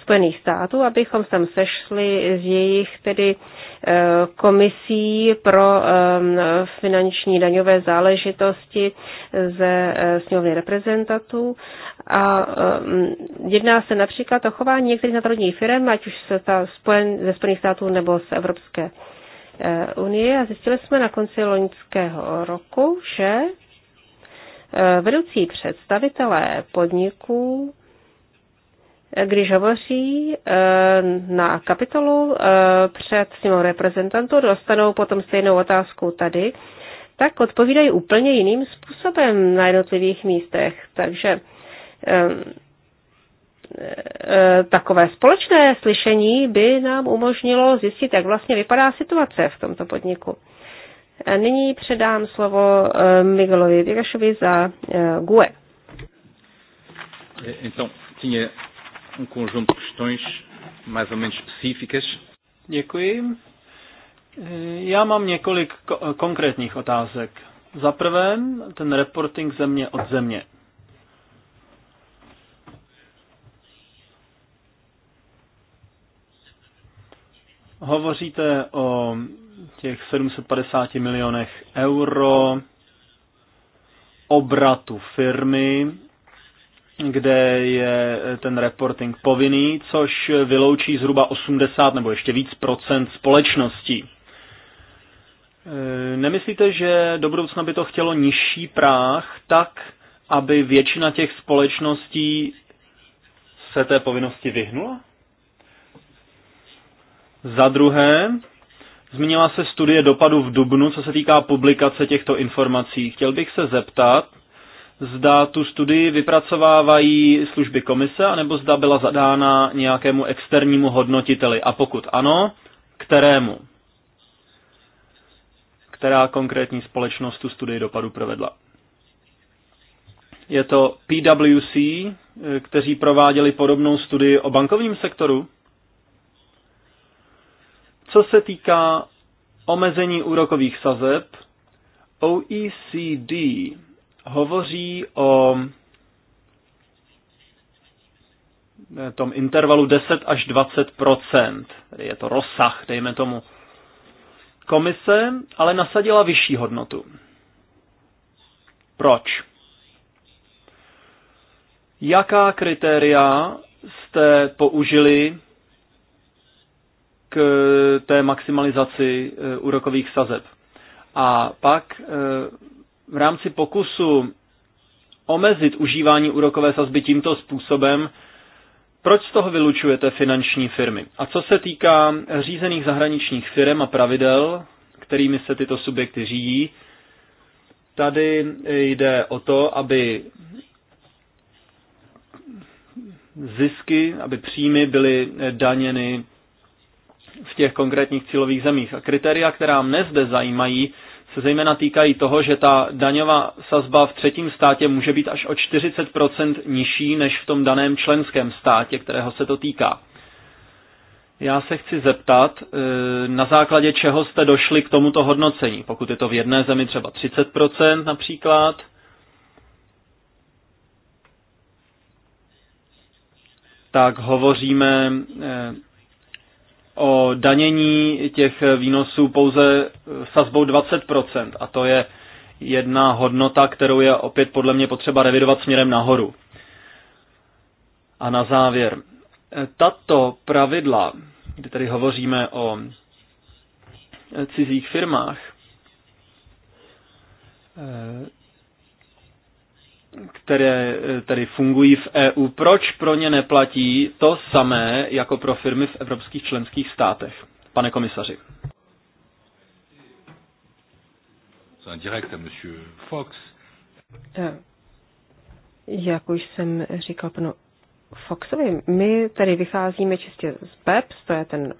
Spojených států, abychom sem sešli z jejich tedy eh, komisí pro ehm, finanční daňové záležitosti ze eh, sněmovny reprezentantů. A ehm, jedná se například o chování některých národních firm, ať už se ta spojen, ze Spojených států nebo z Evropské eh, unie. A zjistili jsme na konci loňského roku, že vedoucí představitelé podniků když hovoří eh, na kapitolu eh, před sněmou reprezentantů, dostanou potom stejnou otázku tady, tak odpovídají úplně jiným způsobem na jednotlivých místech. Takže eh, takové společné slyšení by nám umožnilo zjistit, jak vlastně vypadá situace v tomto podniku. Nyní předám slovo Miguelovi Věgašovi za GUE. Então, tinha um conjunto de questões mais ou menos específicas. Děkuji. Eh, já mám několik konkrétních otázek. Za prvé, ten reporting země od země. Hovoříte o těch 750 milionech euro obratu firmy kde je eh, ten reporting povinný, což vyloučí zhruba 80 nebo ještě víc procent společností. Eh, nemyslíte, že do budoucna by to chtělo nižší práh, tak aby většina těch společností se té povinnosti vyhnula? Za druhé, zmínila se studie dopadu v Dubnu, co se týká publikace těchto informací. Chtěl bych se zeptat, zda tu studii vypracovávají služby komise, anebo zda byla zadána nějakému externímu hodnotiteli. A pokud ano, kterému? Která konkrétní společnost tu studii dopadu provedla? Je to PwC, kteří prováděli podobnou studii o bankovním sektoru? Co se týká omezení úrokových sazeb, OECD hovoří o eh, tom intervalu 10 až 20 Je to rozsah, dejme tomu. Komise ale nasadila vyšší hodnotu. Proč? Jaká kritéria jste použili k eh, té maximalizaci eh, úrokových sazeb? A pak v rámci pokusu omezit užívání úrokové sazby tímto způsobem, proč z toho vylučujete finanční firmy? A co se týká řízených zahraničních firm a pravidel, kterými se tyto subjekty řídí, tady jde o to, aby zisky, aby příjmy byly daněny v těch konkrétních cílových zemích. A kritéria, která mne zde zajímají, se zejména týkají toho, že ta daňová sazba v třetím státě může být až o 40 nižší než v tom daném členském státě, kterého se to týká. Já se chci zeptat, e, na základě čeho jste došli k tomuto hodnocení, pokud je to v jedné zemi třeba 30 například. Tak hovoříme e, o danění těch výnosů pouze sazbou 20%. A to je jedna hodnota, kterou je opět podle mě potřeba revidovat směrem nahoru. A na závěr. Tato pravidla, kdy tady hovoříme o cizích firmách, které eh, tedy fungují v EU, proč pro ně neplatí to samé jako pro firmy v evropských členských státech? Pane komisaři. Fox. Eh, jak už jsem říkal panu Foxovi, my tady vycházíme čistě z BEPS, to je ten,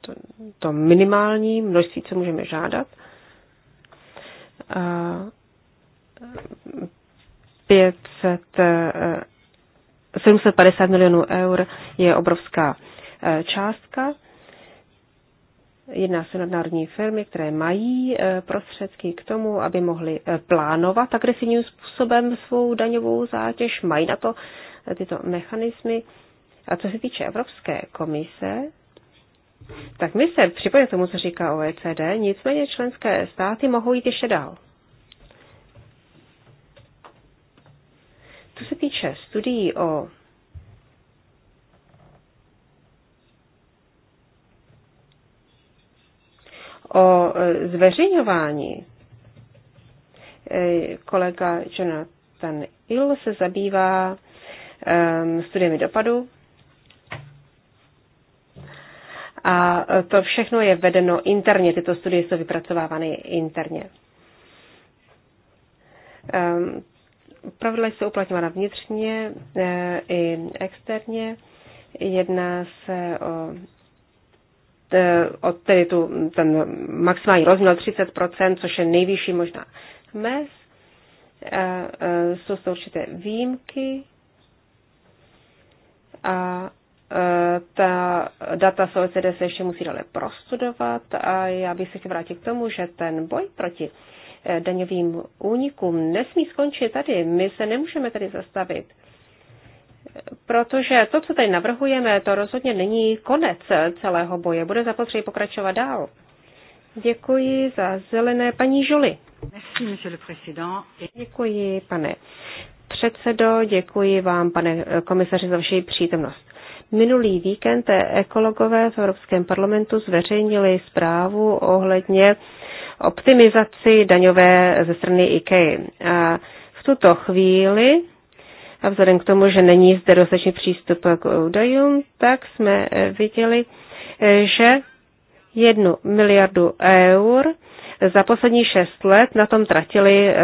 to, to minimální množství, co můžeme žádat. A 500, 750 eh, eh, milionů eur je obrovská eh, částka. Jedná se nadnárodní firmy, které mají prostředky k tomu, aby mohly plánovat agresivním způsobem svou daňovou zátěž, mají na to tyto mechanismy. A co se týče Evropské komise, tak my se připojíme tomu, co říká OECD, nicméně členské státy mohou jít ještě dál. Co se týče studií o o e, zveřejňování, e, kolega Jonathan Il se zabývá studiemi dopadu a to všechno je vedeno interně, tyto studie jsou vypracovávány interně. Pravidla jsou uplatňována vnitřně e, i externě. Jedná se o e, o tedy tu, ten maximální rozměr 30%, což je nejvyšší možná mez. E, jsou to určité výjimky a ta data z OECD se ještě musí dále prostudovat a já bych se chtěl vrátit k tomu, že ten boj proti Eh, daňovým únikům nesmí skončit tady. My se nemůžeme tady zastavit. Protože to, co tady navrhujeme, to rozhodně není konec celého boje. Bude zapotřebí pokračovat dál. Děkuji za zelené paní Žuli. Děkuji, pane předsedo, děkuji vám, pane komisaři, za vaši přítomnost. Minulý víkend eh, ekologové v Evropském parlamentu zveřejnili zprávu ohledně optimizaci daňové ze strany IKEA. A v tuto chvíli, a vzhledem k tomu, že není zde dostatečný přístup k údajům, tak jsme eh, viděli, eh, že jednu miliardu eur za poslední šest let na tom tratili eh,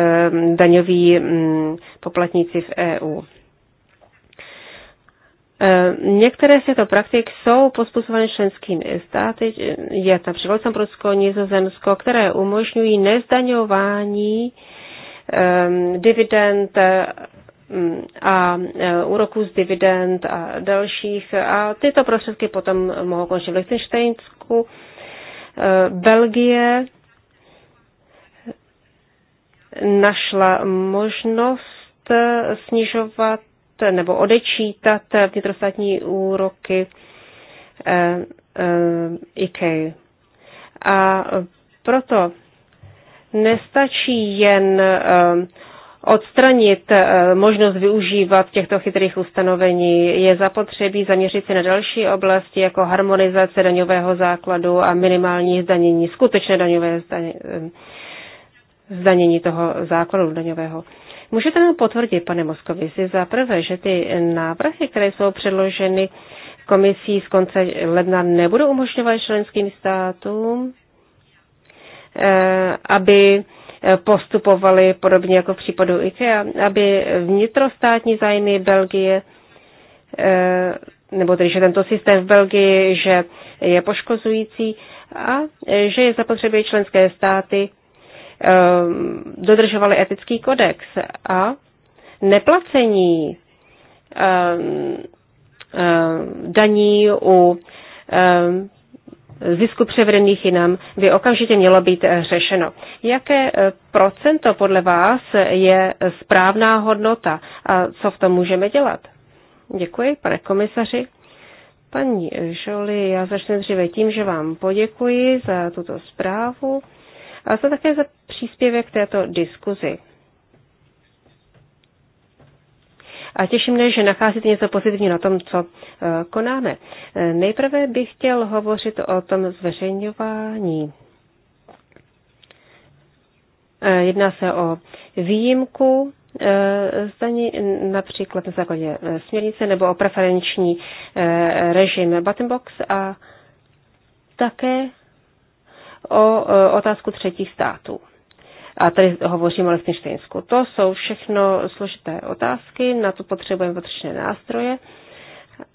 daňoví mm, poplatníci v EU. E, některé z těchto praktik jsou pospůsobené členskými státy, je například Samprudsko, Nizozemsko, které umožňují nezdaňování dividend mm, a e, úroků z dividend a dalších. A tyto prostředky potom mohou končit v Lichtensteinsku, e, Belgie našla možnost snižovat nebo odečítat vnitrostátní úroky eh, eh, IKEA. A proto nestačí jen eh, odstranit možnost využívat těchto chytrých ustanovení. Je zapotřebí zaměřit se na další oblasti, jako harmonizace daňového základu a minimální zdanění, skutečné daňové zdanění, zdanění toho základu daňového. Můžete nám potvrdit, pane Moskovici, za prvé, že ty návrhy, které jsou předloženy komisí z konce ledna, nebudou umožňovat členským státům, eh, aby postupovali podobně jako v případu IKEA, aby vnitrostátní zájmy Belgie eh, nebo tedy, že tento systém v Belgii, že je poškozující a eh, že je zapotřebí členské státy Eh, dodržovali etický kodex a neplacení eh, eh, daní u zisku převedených jinam by okamžitě mělo být řešeno. Jaké procento podle vás je správná hodnota a co v tom můžeme dělat? Děkuji, pane komisaři. Paní Žoli, já začnu dříve tím, že vám poděkuji za tuto zprávu ale to také za příspěvek této diskuzi. A těším se, že nacházíte něco pozitivního na tom, co eh, konáme. Eh, nejprve bych chtěl hovořit o tom zveřejňování. Eh, jedná se o výjimku zdaní například na základě směrnice nebo o preferenční režim button box a také o e, otázku třetích států. A tady hovořím o Lichtensteinsku. To jsou všechno složité otázky, na to potřebujeme potřebné nástroje.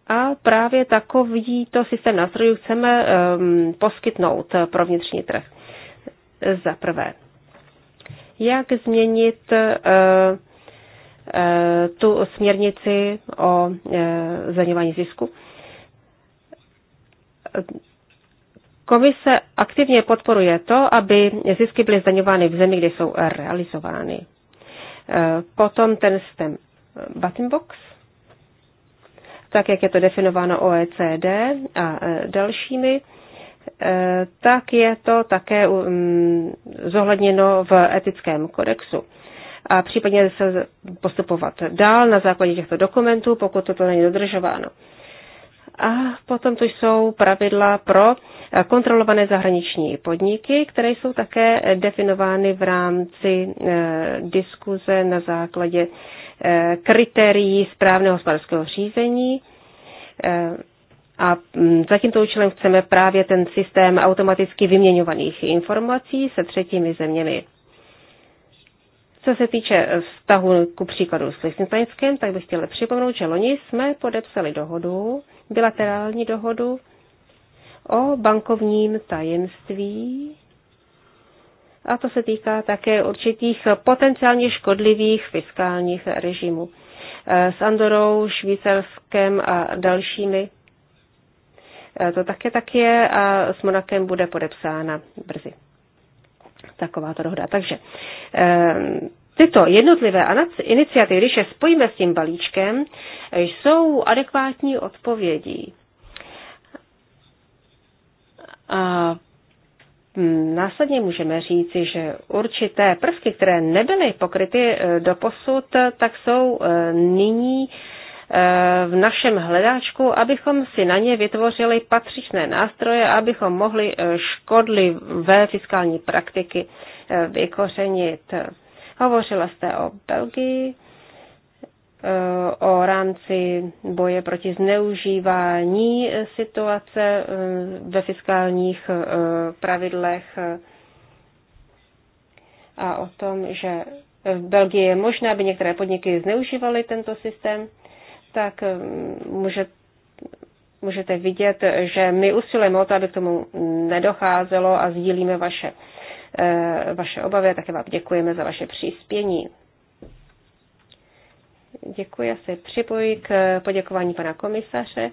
A právě takový to systém nástrojů chceme um, poskytnout pro vnitřní trh. Za prvé, jak změnit uh, tu směrnici o zdaňování zisku. Komise aktivně podporuje to, aby zisky byly zdaňovány v zemi, kde jsou realizovány. E, potom ten stem batimbox, tak jak je to definováno OECD a e, dalšími, e, tak je to také mm, zohledněno v etickém kodexu. A případně se postupovat dál na základě těchto dokumentů, pokud toto není dodržováno. A potom to jsou pravidla pro kontrolované zahraniční podniky, které jsou také definovány v rámci e, diskuze na základě e, kritérií správného hospodářského řízení. E, a mm, za tímto účelem chceme právě ten systém automaticky vyměňovaných informací se třetími zeměmi co se týče vztahu ku příkladu s Lichtensteinskem, tak bych chtěla připomenout, že loni jsme podepsali dohodu, bilaterální dohodu o bankovním tajemství. A to se týká také určitých potenciálně škodlivých fiskálních režimů. E, s Andorou, Švýcarskem a dalšími. E, to také tak je a s Monakem bude podepsána brzy takováto dohoda. Takže Ehm, tyto jednotlivé iniciativy, když je spojíme s tím balíčkem, jsou adekvátní odpovědí. A hm, Následně můžeme říci, že určité prvky, které nebyly pokryty eh, do posud, tak jsou eh, nyní Eh, v našem hledáčku, abychom si na ně vytvořili patřičné nástroje, abychom mohli eh, škodlivé fiskální praktiky eh, vykořenit. Hovořila jste o Belgii, o rámci boje proti zneužívání situace ve fiskálních pravidlech a o tom, že v Belgii je možné, aby některé podniky zneužívaly tento systém tak eh, můžete můžete vidět, že my usilujeme o to, aby k tomu nedocházelo a sdílíme vaše, eh, vaše obavy a také vám děkujeme za vaše příspění. Děkuji, já se připojuji k poděkování pana komisaře.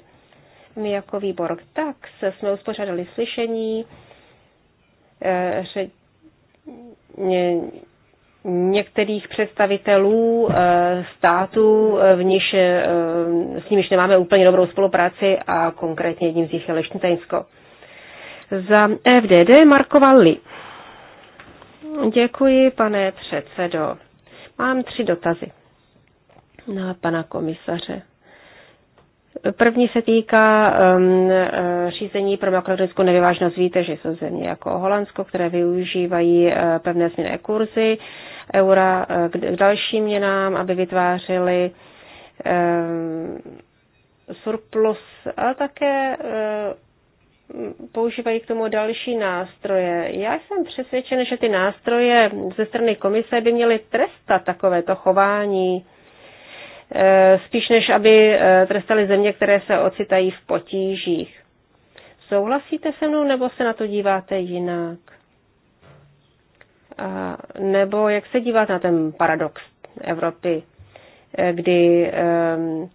My jako výbor tak jsme uspořádali slyšení že eh, některých představitelů eh, států, eh, v níž, eh, s nimiž nemáme úplně dobrou spolupráci a konkrétně jedním z nich je Leštintajnsko. Za FDD Markova Li. Děkuji, pane předsedo. Mám tři dotazy na pana komisaře. První se týká um, eh, řízení pro makroekonomickou nevyvážnost. Víte, že jsou země jako Holandsko, které využívají uh, pevné směné kurzy eura uh, eh, k, k dalším měnám, aby vytvářely uh, surplus, ale také uh, používají k tomu další nástroje. Já jsem přesvědčen, že ty nástroje ze strany komise by měly trestat takovéto chování Eh, spíš než aby eh, trestali země, které se ocitají v potížích. Souhlasíte se mnou nebo se na to díváte jinak? A nebo jak se dívat na ten paradox Evropy, eh, kdy ehm,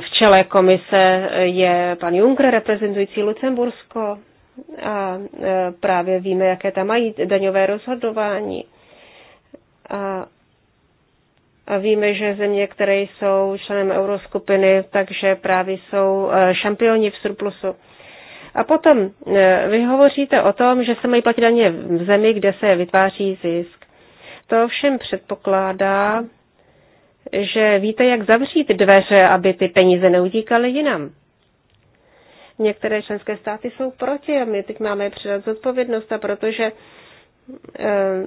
v čele komise je pan Juncker reprezentující Lucembursko a právě víme, jaké tam mají daňové rozhodování. A a víme, že země, které jsou členem euroskupiny, takže právě jsou e, šampioni v surplusu. A potom e, vy hovoříte o tom, že se mají platit daně v zemi, kde se vytváří zisk. To všem předpokládá, že víte, jak zavřít dveře, aby ty peníze neutíkaly jinam. Některé členské státy jsou proti a my teď máme předat zodpovědnost a protože e,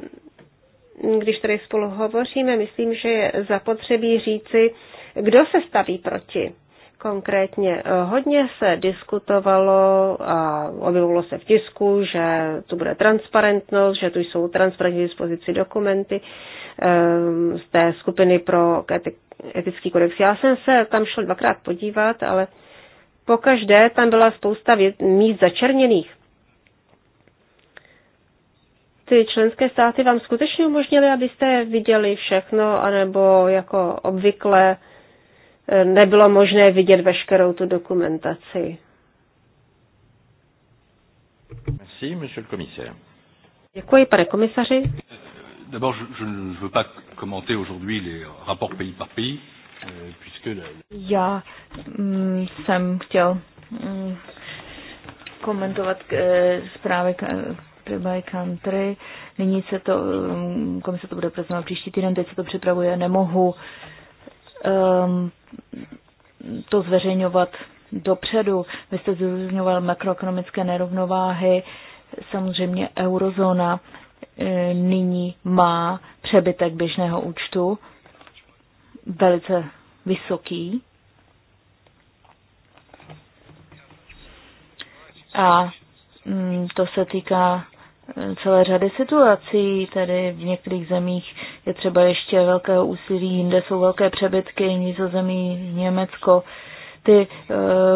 když tady spolu hovoříme, myslím, že je zapotřebí říci, kdo se staví proti. Konkrétně eh, hodně se diskutovalo a objevilo se v tisku, že tu bude transparentnost, že tu jsou transparentní dispozici dokumenty eh, z té skupiny pro etický kodex. Já jsem se tam šel dvakrát podívat, ale pokaždé tam byla spousta míst začerněných ty členské státy vám skutečně umožnily, abyste viděli všechno, anebo jako obvykle eh, nebylo možné vidět veškerou tu dokumentaci? Merci, monsieur le commissaire. Děkuji, pane komisaři. D'abord, je veux pas commenter aujourd'hui les rapports pays par pays, euh, puisque... Já mm, jsem chtěl mm, komentovat eh, zprávy eh, country by country. Nyní se to, um, komise to bude prezentovat příští týden, teď se to připravuje, nemohu um, to zveřejňovat dopředu. Vy jste zveřejňoval makroekonomické nerovnováhy, samozřejmě eurozóna e, nyní má přebytek běžného účtu, velice vysoký. A mm, to se týká celé řady situací. Tady v některých zemích je třeba ještě velké úsilí, jinde jsou velké přebytky, Nizozemí, Německo. Ty e,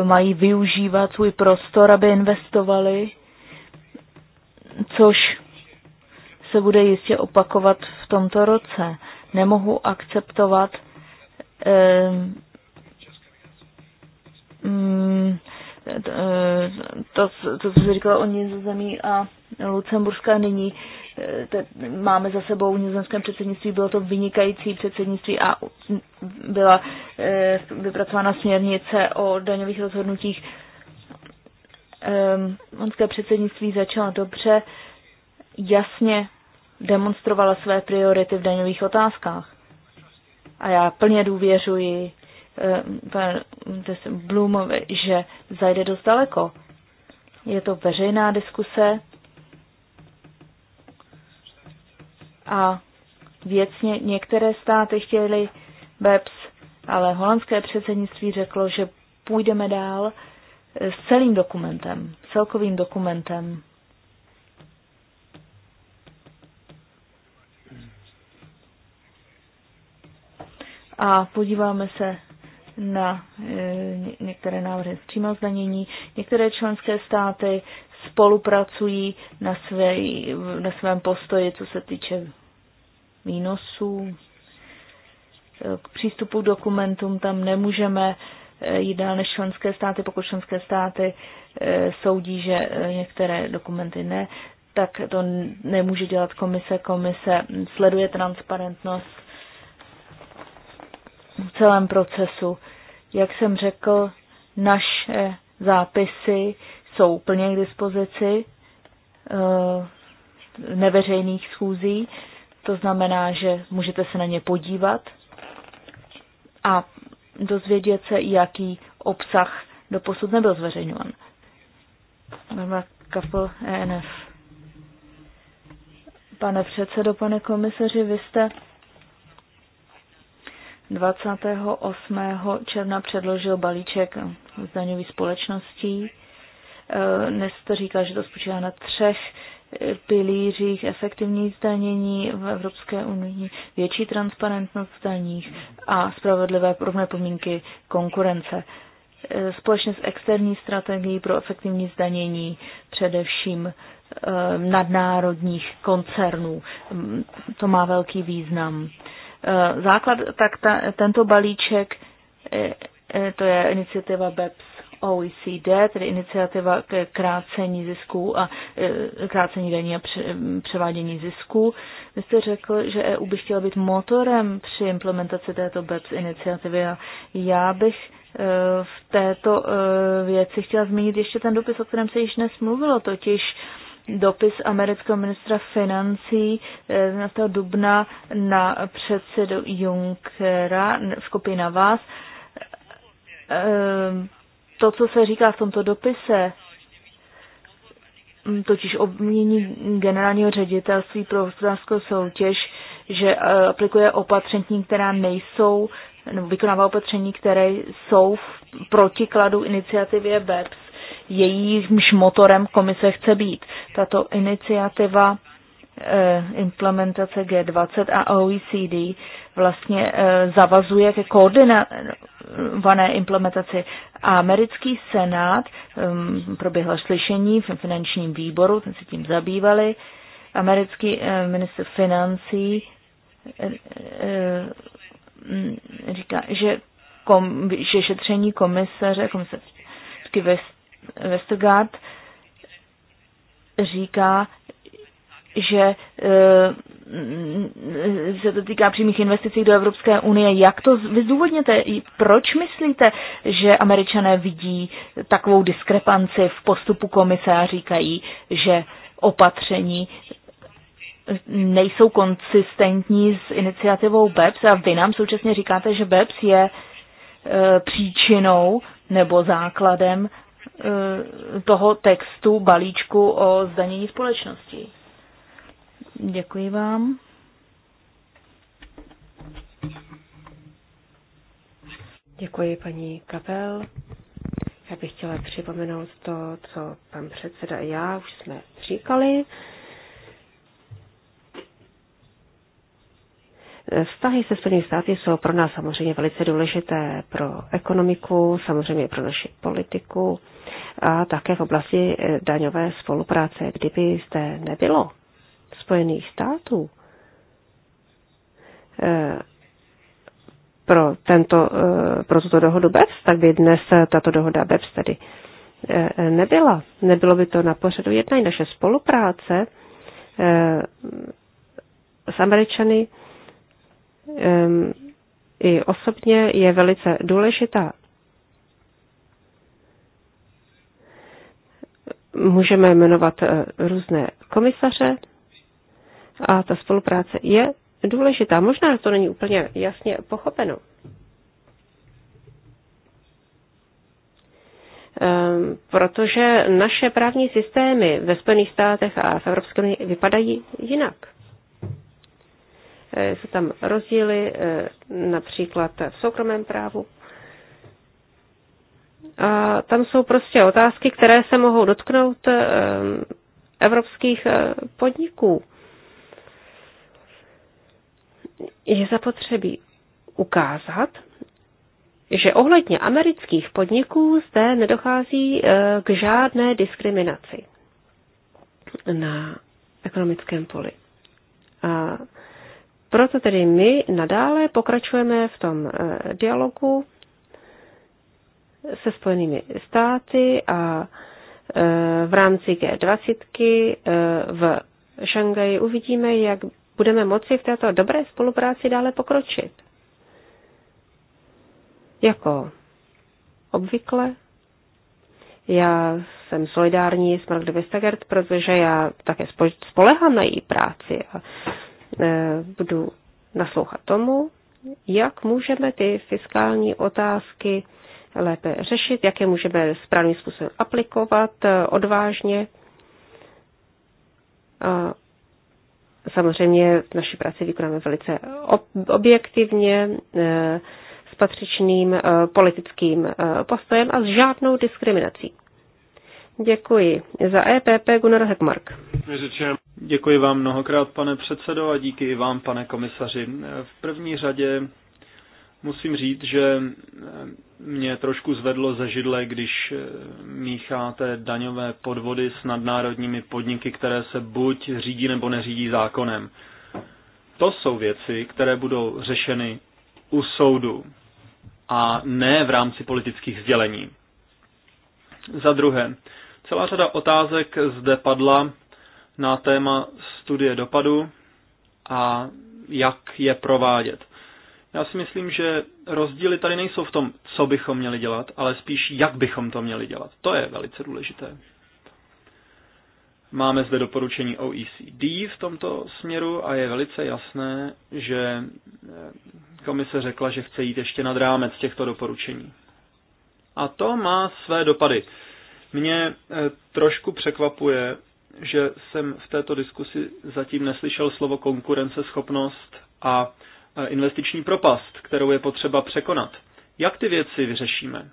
mají využívat svůj prostor, aby investovali, což se bude jistě opakovat v tomto roce. Nemohu akceptovat e, mm, eh, to, to, co jsi říkala o Nizozemí a Lucemburska nyní eh, te, máme za sebou v nizozemském předsednictví, bylo to vynikající předsednictví a byla e, vypracována směrnice o daňových rozhodnutích. Monské ehm, předsednictví začalo dobře, jasně demonstrovala své priority v daňových otázkách. A já plně důvěřuji eh, Blumovi, že zajde dost daleko. Je to veřejná diskuse, a věcně některé státy chtěly BEPS, ale holandské předsednictví řeklo, že půjdeme dál s celým dokumentem, celkovým dokumentem. A podíváme se na eh, některé návrhy přímo zdanění. Některé členské státy spolupracují na, své, na svém postoji, co se týče výnosů. K přístupu k dokumentům tam nemůžeme eh, jít dál než členské státy, pokud členské státy eh, soudí, že eh, některé dokumenty ne, tak to nemůže dělat komise. Komise sleduje transparentnost v celém procesu. Jak jsem řekl, naše zápisy jsou plně k dispozici neveřejných schůzí to znamená, že můžete se na ně podívat a dozvědět se, jaký obsah doposud nebyl zveřejňován. Barbara ENF. Pane předsedo, pane komisaři, vy jste 28. června předložil balíček zdaňových společností. E, dnes jste říkal, že to spočívá na třech pilířích, efektivní zdanění v Evropské unii, větší transparentnost daních a spravedlivé rovné podmínky konkurence. E, společně s externí strategií pro efektivní zdanění především e, nadnárodních koncernů. To má velký význam. E, základ, tak ta, tento balíček, to je iniciativa BEPS OECD, tedy iniciativa k krácení zisků a e, krácení daní a převádění zisků. Vy jste řekl, že EU by chtěla být motorem při implementaci této BEPS iniciativy a já bych e, v této e, věci chtěla zmínit ještě ten dopis, o kterém se již nesmluvilo, totiž dopis amerického ministra financí toho dubna na předsedu Junckera v kopii na vás to, co se říká v tomto dopise, mm, totiž obmění generálního ředitelství pro hospodářskou soutěž, že e, aplikuje opatření, která nejsou, nebo vykonává opatření, které jsou v protikladu iniciativě BEPS, jejímž motorem komise chce být. Tato iniciativa Eh, implementace G20 a OECD vlastně eh, zavazuje ke koordinované implementaci. A americký senát ehm, proběhlo slyšení v finančním výboru, ten se tím zabývali. Americký eh, minister financí říká, že, kom, že šetření komisaře, komisařky Westergaard říká, že eh, se to týká přímých investic do Evropské unie. Jak to vy Proč myslíte, že američané vidí takovou diskrepanci v postupu komise a říkají, že opatření nejsou konsistentní s iniciativou BEPS a vy nám současně říkáte, že BEPS je eh, příčinou nebo základem eh, toho textu balíčku o zdanění společností. Děkuji vám. Děkuji paní Kapel. Já bych chtěla připomenout to, co pan předseda a já už jsme říkali. Vztahy se Spojenými státy jsou pro nás samozřejmě velice důležité pro ekonomiku, samozřejmě pro naši politiku a také v oblasti daňové spolupráce. Kdyby zde nebylo Spojených států eh, pro, tento, eh, pro tuto dohodu BEPS, tak by dnes eh, tato dohoda BEPS tedy nebyla. Nebylo by to na pořadu jednání. Naše spolupráce s Američany i osobně je velice důležitá. Můžeme jmenovat různé komisaře, a ta spolupráce je důležitá. Možná to není úplně jasně pochopeno. Ehm, protože naše právní systémy ve Spojených státech a v Evropské unii vypadají jinak. Eh, jsou tam rozdíly eh, například v soukromém právu. A tam jsou prostě otázky, které se mohou dotknout ehm, evropských eh, podniků. je zapotřebí ukázat, že ohledně amerických podniků zde nedochází e, k žádné diskriminaci na ekonomickém poli. A proto tedy my nadále pokračujeme v tom e, dialogu se Spojenými státy a e, v rámci G20 v Šangaji uvidíme, jak budeme moci v této dobré spolupráci dále pokročit. Jako obvykle, já jsem solidární s Margaret Vestagert, protože já také spolehám na její práci a e, budu naslouchat tomu, jak můžeme ty fiskální otázky lépe řešit, jak je můžeme správným způsobem aplikovat e, odvážně. A Samozřejmě v naší práci vykonáme velice objektivně, eh, s patřičným eh, politickým eh, postojem a s žádnou diskriminací. Děkuji. Za EPP Gunnar Heckmark. Děkuji vám mnohokrát, pane předsedo, a díky i vám, pane komisaři. V první řadě musím říct, že mě trošku zvedlo ze židle, když eh, mícháte daňové podvody s nadnárodními podniky, které se buď řídí nebo neřídí zákonem. To jsou věci, které budou řešeny u soudu a ne v rámci politických sdělení. Za druhé, celá řada otázek zde padla na téma studie dopadu a jak je provádět. Já si myslím, že rozdíly tady nejsou v tom, co bychom měli dělat, ale spíš jak bychom to měli dělat. To je velice důležité. Máme zde doporučení OECD v tomto směru a je velice jasné, že eh, komise řekla, že chce jít ještě nad rámec těchto doporučení. A to má své dopady. Mě eh, trošku překvapuje, že jsem v této diskusi zatím neslyšel slovo konkurenceschopnost a investiční propast, kterou je potřeba překonat. Jak ty věci vyřešíme?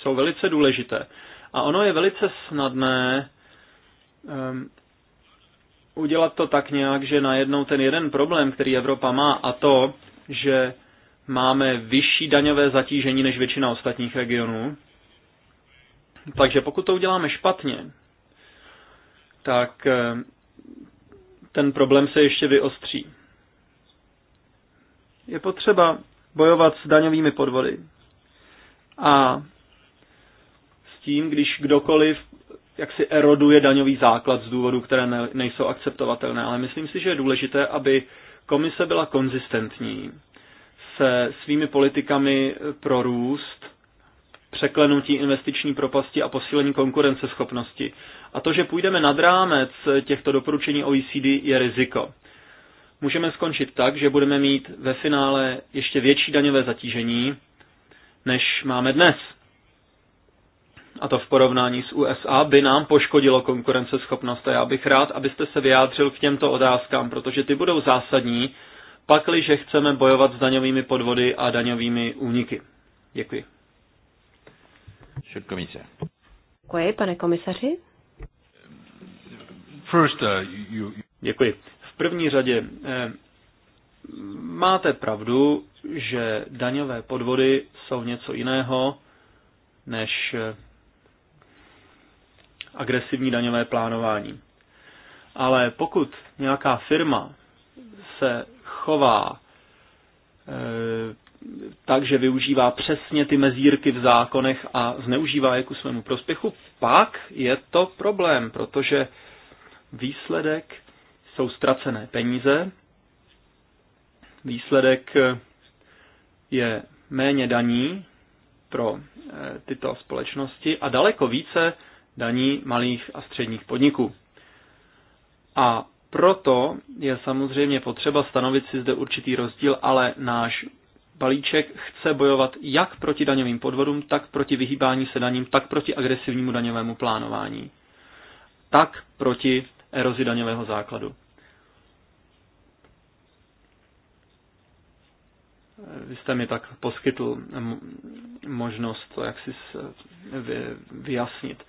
Jsou velice důležité. A ono je velice snadné um, udělat to tak nějak, že najednou ten jeden problém, který Evropa má, a to, že máme vyšší daňové zatížení než většina ostatních regionů. Takže pokud to uděláme špatně, tak ehm, ten problém se ještě vyostří. Je potřeba bojovat s daňovými podvody. A s tím, když kdokoliv jak si eroduje daňový základ z důvodů, které ne, nejsou akceptovatelné. Ale myslím si, že je důležité, aby komise byla konzistentní se svými politikami pro růst, překlenutí investiční propasti a posílení konkurenceschopnosti. A to, že půjdeme nad rámec těchto doporučení OECD, je riziko můžeme skončit tak, že budeme mít ve finále ještě větší daňové zatížení, než máme dnes. A to v porovnání s USA by nám poškodilo konkurenceschopnost. A já bych rád, abyste se vyjádřil k těmto otázkám, protože ty budou zásadní, pakliže chceme bojovat s daňovými podvody a daňovými úniky. Děkuji. Komise. Děkuji, pane komisaři. First, uh, Děkuji. V první řadě eh, máte pravdu, že daňové podvody jsou něco jiného než eh, agresivní daňové plánování. Ale pokud nějaká firma se chová e, tak, že využívá přesně ty mezírky v zákonech a zneužívá je ku svému prospěchu, pak je to problém, protože výsledek jsou ztracené peníze, výsledek eh, je méně daní pro eh, tyto společnosti a daleko více daní malých a středních podniků. A proto je samozřejmě potřeba stanovit si zde určitý rozdíl, ale náš balíček chce bojovat jak proti daňovým podvodům, tak proti vyhýbání se daním, tak proti agresivnímu daňovému plánování, tak proti erozi daňového základu. vy jste mi tak poskytl možnost to jaksi vyjasnit.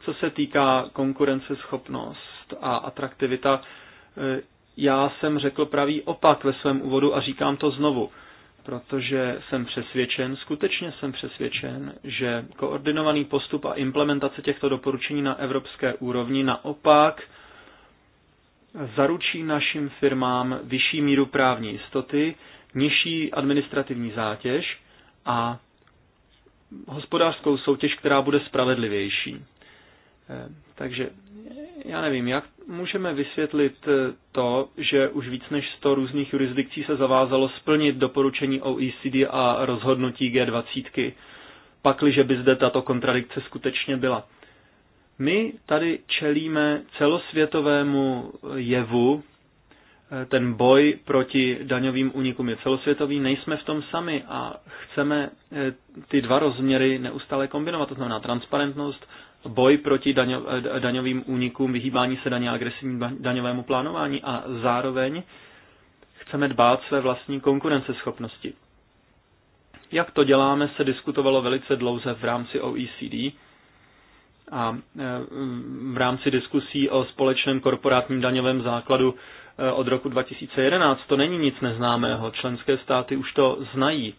Co se týká konkurenceschopnost a atraktivita, e, já jsem řekl pravý opak ve svém úvodu a říkám to znovu, protože jsem přesvědčen, skutečně jsem přesvědčen, že koordinovaný postup a implementace těchto doporučení na evropské úrovni naopak zaručí našim firmám vyšší míru právní jistoty, nižší administrativní zátěž a hospodářskou soutěž, která bude spravedlivější. E, takže já nevím, jak můžeme vysvětlit e, to, že už víc než 100 různých jurisdikcí se zavázalo splnit doporučení OECD a rozhodnutí G20, pakliže by zde tato kontradikce skutečně byla. My tady čelíme celosvětovému jevu ten boj proti daňovým únikům je celosvětový, nejsme v tom sami a chceme eh, ty dva rozměry neustále kombinovat, to znamená transparentnost, boj proti daňo, eh, daňovým únikům, vyhýbání se daně a agresivní daňovému plánování a zároveň chceme dbát své vlastní konkurenceschopnosti. Jak to děláme, se diskutovalo velice dlouze v rámci OECD a eh, v rámci diskusí o společném korporátním daňovém základu Eh, od roku 2011. To není nic neznámého, členské státy už to znají.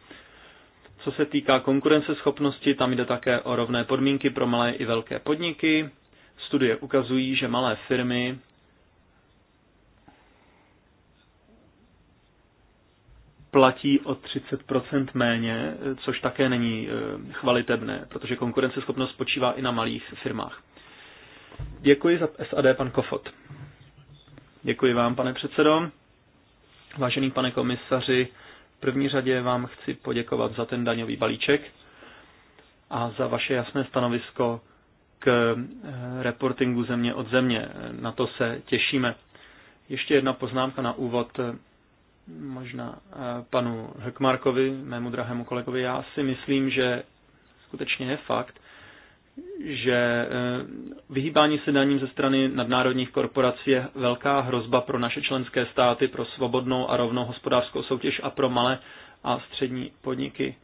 Co se týká konkurenceschopnosti, tam jde také o rovné podmínky pro malé i velké podniky. Studie ukazují, že malé firmy platí o 30% méně, což také není eh, chvalitebné, protože konkurenceschopnost spočívá i na malých firmách. Děkuji za SAD, pan Kofot. Děkuji vám, pane předsedo. Vážený pane komisaři, v první řadě vám chci poděkovat za ten daňový balíček a za vaše jasné stanovisko k eh, reportingu země od země. Na to se těšíme. Ještě jedna poznámka na úvod eh, možná eh, panu Hekmarkovi, mému drahému kolegovi. Já si myslím, že skutečně je fakt, že eh, vyhýbání se daním ze strany nadnárodních korporací je velká hrozba pro naše členské státy, pro svobodnou a rovnou hospodářskou soutěž a pro malé a střední podniky.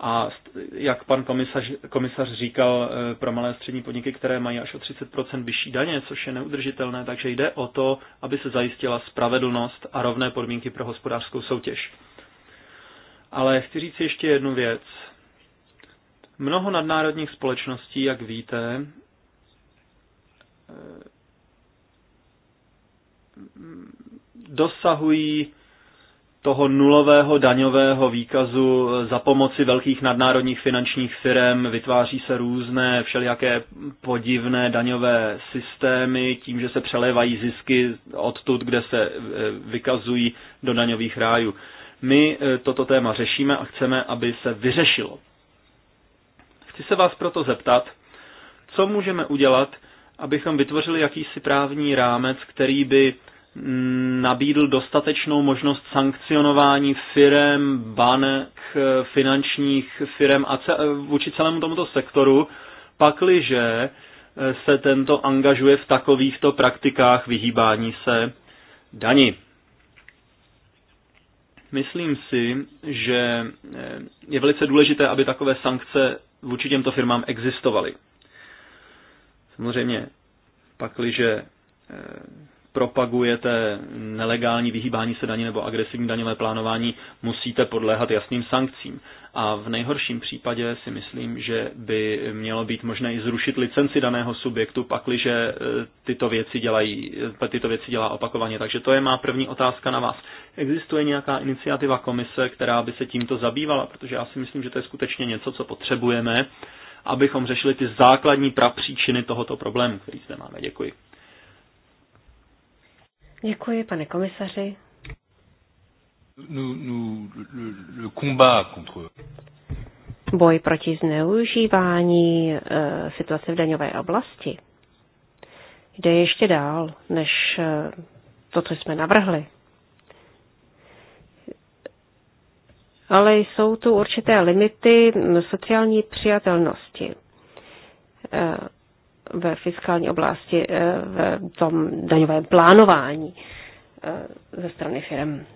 A jak pan komisař, komisař říkal, eh, pro malé a střední podniky, které mají až o 30 vyšší daně, což je neudržitelné, takže jde o to, aby se zajistila spravedlnost a rovné podmínky pro hospodářskou soutěž. Ale chci říct ještě jednu věc. Mnoho nadnárodních společností, jak víte, dosahují toho nulového daňového výkazu za pomoci velkých nadnárodních finančních firm vytváří se různé všelijaké podivné daňové systémy tím, že se přelévají zisky odtud, kde se eh, vykazují do daňových rájů. My eh, toto téma řešíme a chceme, aby se vyřešilo. Chci se vás proto zeptat, co můžeme udělat, abychom vytvořili jakýsi právní rámec, který by mm, nabídl dostatečnou možnost sankcionování firem, bank, finančních firem a ce- vůči celému tomuto sektoru, pakliže eh, se tento angažuje v takovýchto praktikách vyhýbání se daní. Myslím si, že eh, je velice důležité, aby takové sankce vůči těmto firmám existovaly. Samozřejmě pakliže eh, propagujete nelegální vyhýbání se daní nebo agresivní daňové plánování, musíte podléhat jasným sankcím. A v nejhorším případě si myslím, že by mělo být možné i zrušit licenci daného subjektu, pakliže e, tyto věci, dělají, e, tyto věci dělá opakovaně. Takže to je má první otázka na vás. Existuje nějaká iniciativa komise, která by se tímto zabývala? Protože já si myslím, že to je skutečně něco, co potřebujeme, abychom řešili ty základní prapříčiny tohoto problému, který zde máme. Děkuji. Děkuji, pane komisaři. Nous, nous, le, le combat contre... Boj proti zneužívání e, situace v daňové oblasti jde ještě dál, než e, to, co jsme navrhli. Ale jsou tu určité limity sociální přijatelnosti. E, ve fiskální oblasti, eh, v tom daňovém plánování eh, ze strany firm.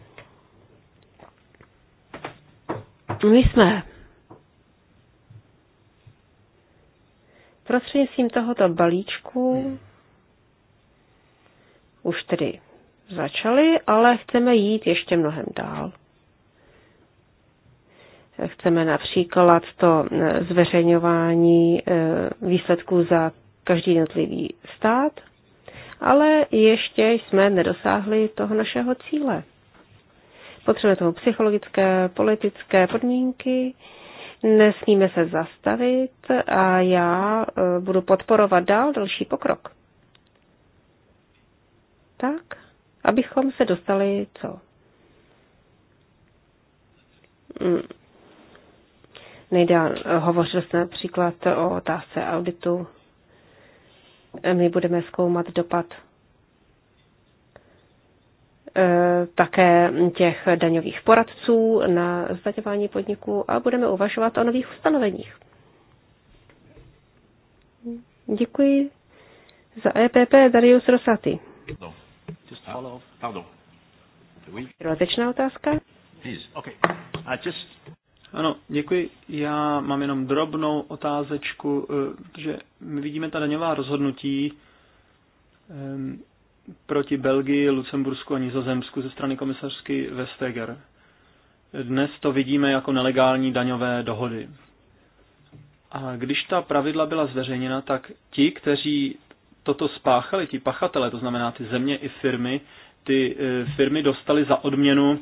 My jsme prostřednictvím tohoto balíčku už tedy začali, ale chceme jít ještě mnohem dál. Chceme například to eh, zveřejňování výsledků za každý jednotlivý stát, ale ještě jsme nedosáhli toho našeho cíle. Potřebujeme tomu psychologické, politické podmínky, nesmíme se zastavit a já e, budu podporovat dál další pokrok. Tak, abychom se dostali co? Mm. Nejdál, hovořil jsem například o otázce auditu my budeme zkoumat dopad e, také těch daňových poradců na zdaňování podniků a budeme uvažovat o nových ustanoveních. Děkuji. Za EPP Darius Rosati. No. Pardon. Dodatečná otázka? Okay. Just... Ano, děkuji. Já mám jenom drobnou otázečku, eh, že my vidíme ta daňová rozhodnutí eh, proti Belgii, Lucembursku a Nizozemsku ze strany komisařsky Vestager. Dnes to vidíme jako nelegální daňové dohody. A když ta pravidla byla zveřejněna, tak ti, kteří toto spáchali, ti pachatele, to znamená ty země i firmy, ty eh, firmy dostali za odměnu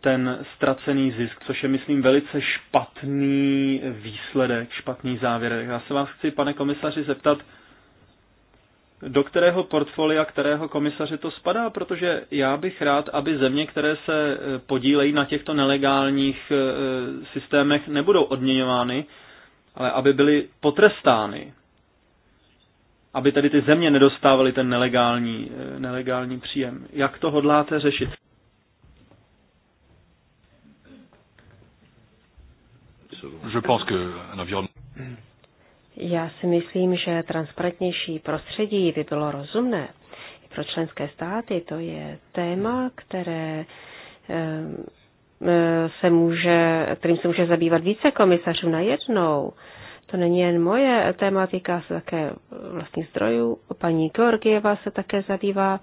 ten ztracený zisk, což je, myslím, velice špatný výsledek, špatný závěr. Já se vás chci, pane komisaři, zeptat, do kterého portfolia, kterého komisaře to spadá, protože já bych rád, aby země, které se eh, podílejí na těchto nelegálních eh, systémech, nebudou odměňovány, ale aby byly potrestány. Aby tedy ty země nedostávaly ten nelegální, eh, nelegální příjem. Jak to hodláte řešit? Je pense que Já si myslím, že transparentnější prostředí by bylo rozumné. pro členské státy to je téma, které eh, eh, se může, kterým se může zabývat více komisařů najednou. To není jen moje téma, týká se také vlastních zdrojů. Paní Georgieva se také zabývá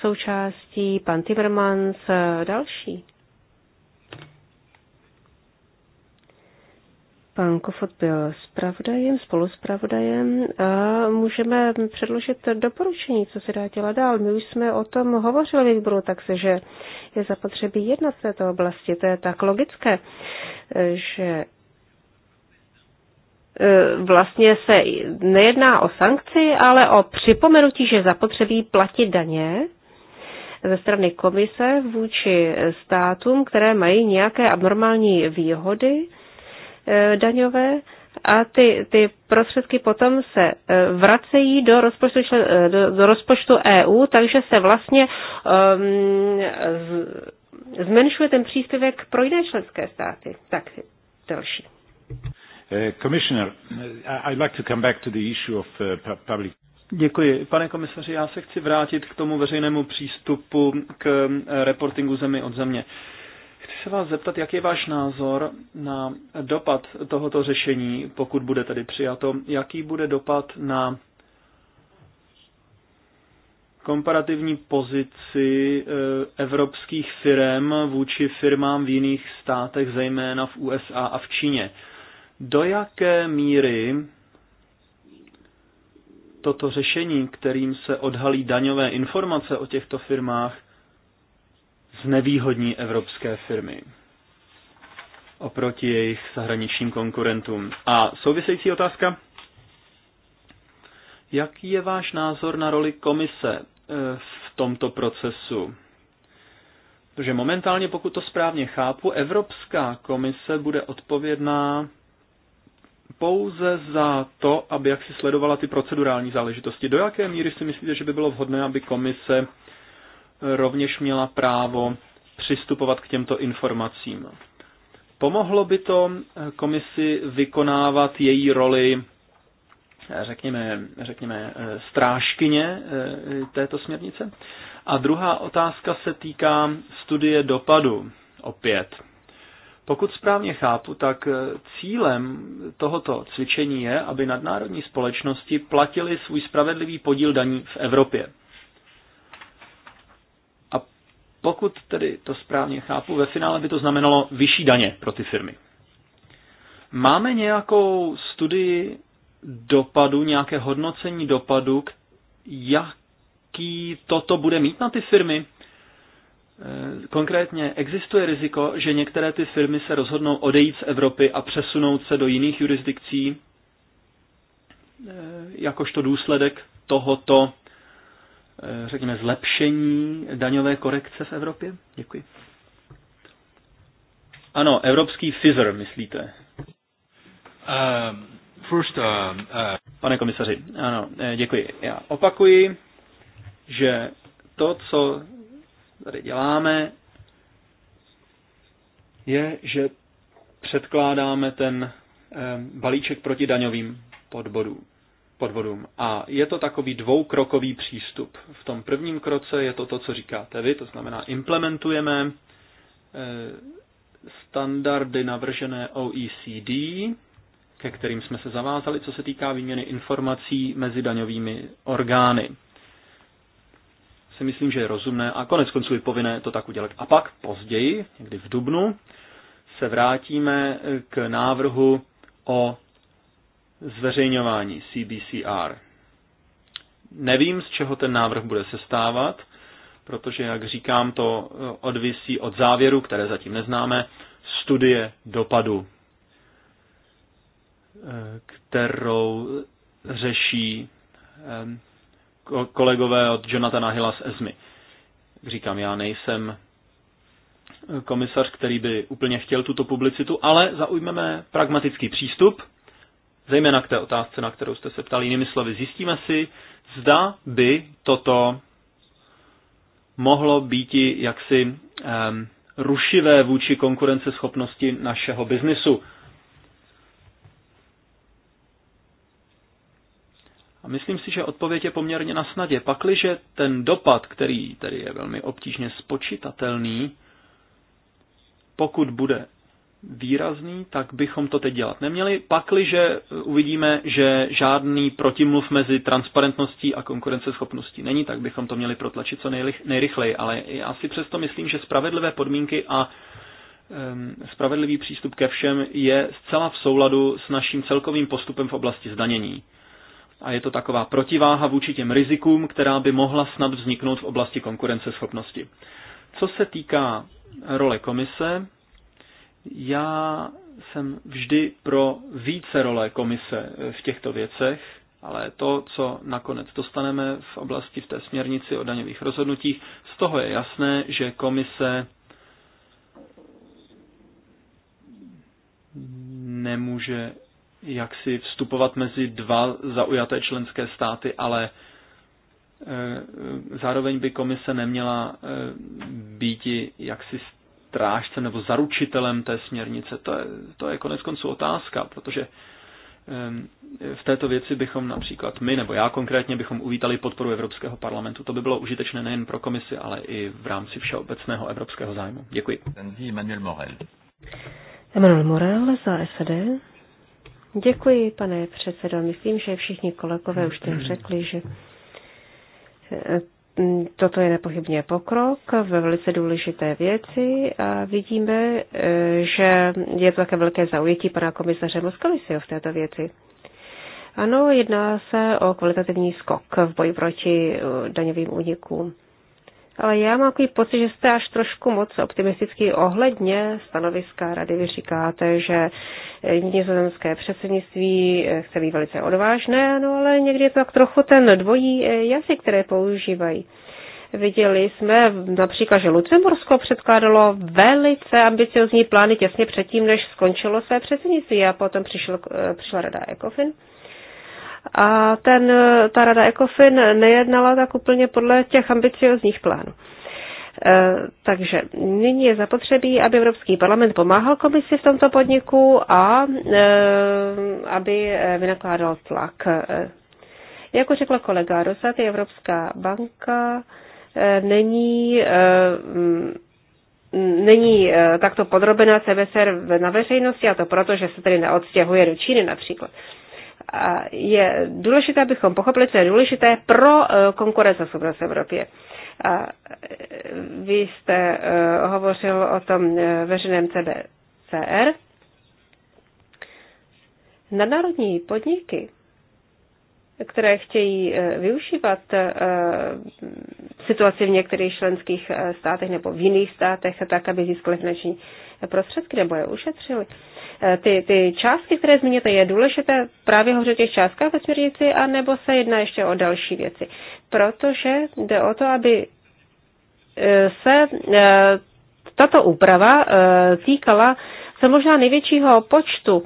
součástí, pan Timmermans, eh, další. Pan Kofot byl zpravodajem, spoluzpravodajem a můžeme předložit doporučení, co se dá dělat dál. My už jsme o tom hovořili výboru, takže že je zapotřebí jednat v této oblasti. To je tak logické, že e, vlastně se nejedná o sankci, ale o připomenutí, že zapotřebí platit daně ze strany komise vůči státům, které mají nějaké abnormální výhody Eh, daňové a ty, ty prostředky potom se eh, vracejí do rozpočtu, eh, do, do rozpočtu EU, takže se vlastně um, z, zmenšuje ten příspěvek pro jiné členské státy. Tak, další. Commissioner, I'd like to come back to the issue of public. Děkuji. Pane komisaři, já se chci vrátit k tomu veřejnému přístupu k reportingu zemi od země. Chci se vás zeptat, jaký je váš názor na dopad tohoto řešení, pokud bude tedy přijato, jaký bude dopad na komparativní pozici eh, evropských firm vůči firmám v jiných státech, zejména v USA a v Číně. Do jaké míry toto řešení, kterým se odhalí daňové informace o těchto firmách, znevýhodní evropské firmy oproti jejich zahraničním konkurentům. A související otázka? Jaký je váš názor na roli komise eh, v tomto procesu? Protože momentálně, pokud to správně chápu, Evropská komise bude odpovědná pouze za to, aby jak si sledovala ty procedurální záležitosti. Do jaké míry si myslíte, že by bylo vhodné, aby komise rovněž měla právo přistupovat k těmto informacím. Pomohlo by to eh, komisi vykonávat její roli, eh, řekněme, řekněme eh, strážkyně této směrnice? A druhá otázka se týká studie dopadu opět. Pokud správně chápu, tak cílem tohoto cvičení je, aby nadnárodní společnosti platily svůj spravedlivý podíl daní v Evropě. Pokud tedy to správně chápu, ve finále by to znamenalo vyšší daně pro ty firmy. Máme nějakou studii dopadu, nějaké hodnocení dopadu, jaký toto bude mít na ty firmy? Eh, konkrétně existuje riziko, že některé ty firmy se rozhodnou odejít z Evropy a přesunout se do jiných jurisdikcí, eh, jakožto důsledek tohoto Eh, řekněme, zlepšení daňové korekce v Evropě? Děkuji. Ano, evropský FISR, myslíte? Um, first, um, uh... Pane komisaři, ano, eh, děkuji. Já opakuji, že to, co tady děláme, je, že předkládáme ten eh, balíček proti daňovým podbodům podvodům. A je to takový dvoukrokový přístup. V tom prvním kroce je to to, co říkáte vy, to znamená implementujeme eh, standardy navržené OECD, ke kterým jsme se zavázali, co se týká výměny informací mezi daňovými orgány. Si myslím, že je rozumné a konec konců je povinné to tak udělat. A pak později, někdy v Dubnu, se vrátíme k návrhu o zveřejňování CBCR. Nevím, z čeho ten návrh bude sestávat, protože, jak říkám, to eh, odvisí od závěru, které zatím neznáme, studie dopadu, eh, kterou řeší eh, kolegové od Jonathana Hilla z ESMY. říkám, já nejsem komisař, který by úplně chtěl tuto publicitu, ale zaujmeme pragmatický přístup – zejména k té otázce, na kterou jste se ptali. Jinými slovy, zjistíme si, zda by toto mohlo být jaksi um, rušivé vůči konkurenceschopnosti našeho biznisu. A myslím si, že odpověď je poměrně na snadě. Pakliže ten dopad, který tedy je velmi obtížně spočítatelný pokud bude výrazný, tak bychom to teď dělat neměli. Pakliže uvidíme, že žádný protimluv mezi transparentností a konkurenceschopností není, tak bychom to měli protlačit co nejrychleji. Ale já si přesto myslím, že spravedlivé podmínky a spravedlivý přístup ke všem je zcela v souladu s naším celkovým postupem v oblasti zdanění. A je to taková protiváha vůči těm rizikům, která by mohla snad vzniknout v oblasti konkurenceschopnosti. Co se týká role komise, já jsem vždy pro více role komise v těchto věcech, ale to, co nakonec dostaneme v oblasti v té směrnici o daňových rozhodnutích, z toho je jasné, že komise nemůže jaksi vstupovat mezi dva zaujaté členské státy, ale e, zároveň by komise neměla e, být jaksi strážcem nebo zaručitelem té směrnice? To je, to je konec konců otázka, protože v této věci bychom například my, nebo já konkrétně, bychom uvítali podporu Evropského parlamentu. To by bylo užitečné nejen pro komisi, ale i v rámci všeobecného evropského zájmu. Děkuji. Emmanuel Morel. Emmanuel Morel za SD. Děkuji, pane předsedo. Myslím, že všichni kolegové už to řekli, že Mm, toto je nepochybně pokrok ve velice důležité věci a vidíme, e, že je to také velké zaujetí pana komisaře Moskalisio v této věci. Ano, jedná se o kvalitativní skok v boji proti e, daňovým únikům ale já mám takový pocit, že jste až trošku moc optimistický ohledně stanoviska rady. Vy říkáte, že nizozemské předsednictví eh, chce být velice odvážné, no ale někdy je to tak trochu ten dvojí eh, jazyk, které používají. Viděli jsme například, že Lucembursko předkládalo velice ambiciozní plány těsně předtím, než skončilo své předsednictví a potom přišel, eh, přišla rada ECOFIN a ten, ta rada ECOFIN nejednala tak úplně podle těch ambiciozních plánů. E, takže nyní je zapotřebí, aby Evropský parlament pomáhal komisi v tomto podniku a e, aby vynakládal tlak. E, jak už řekla kolega Rosat, Evropská banka není není takto podrobená CBSR na veřejnosti a to proto, že se tedy neodstěhuje do Číny například je důležité, abychom pochopili, co je důležité pro eh, konkurenceschopnost v Evropě. A eh, vy jste eh, hovořil o tom veřejném CBCR. Nadnárodní podniky, které chtějí využívat situaci v některých členských státech nebo v jiných státech tak, aby získali finanční prostředky nebo je ušetřili, Eh, ty, ty částky, které zmíněte, je důležité právě hovořit o těch částkách ve směrnici, anebo se jedná ještě o další věci. Protože jde o to, aby eh, se eh, tato úprava týkala se možná největšího počtu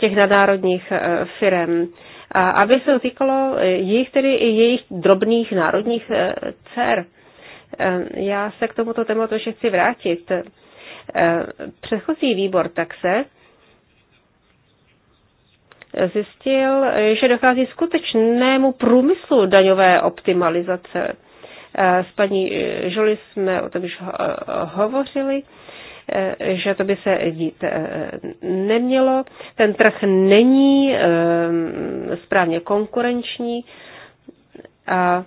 těch nadnárodních firm, a aby se týkalo jejich, tedy i jejich drobných národních dcer. Já se k tomuto tématu ještě chci vrátit. Předchozí výbor taxe zjistil, že dochází skutečnému průmyslu daňové optimalizace. S paní Žoli jsme o tom už hovořili, e, že to by se dít e, nemělo. Ten trh není e, správně konkurenční a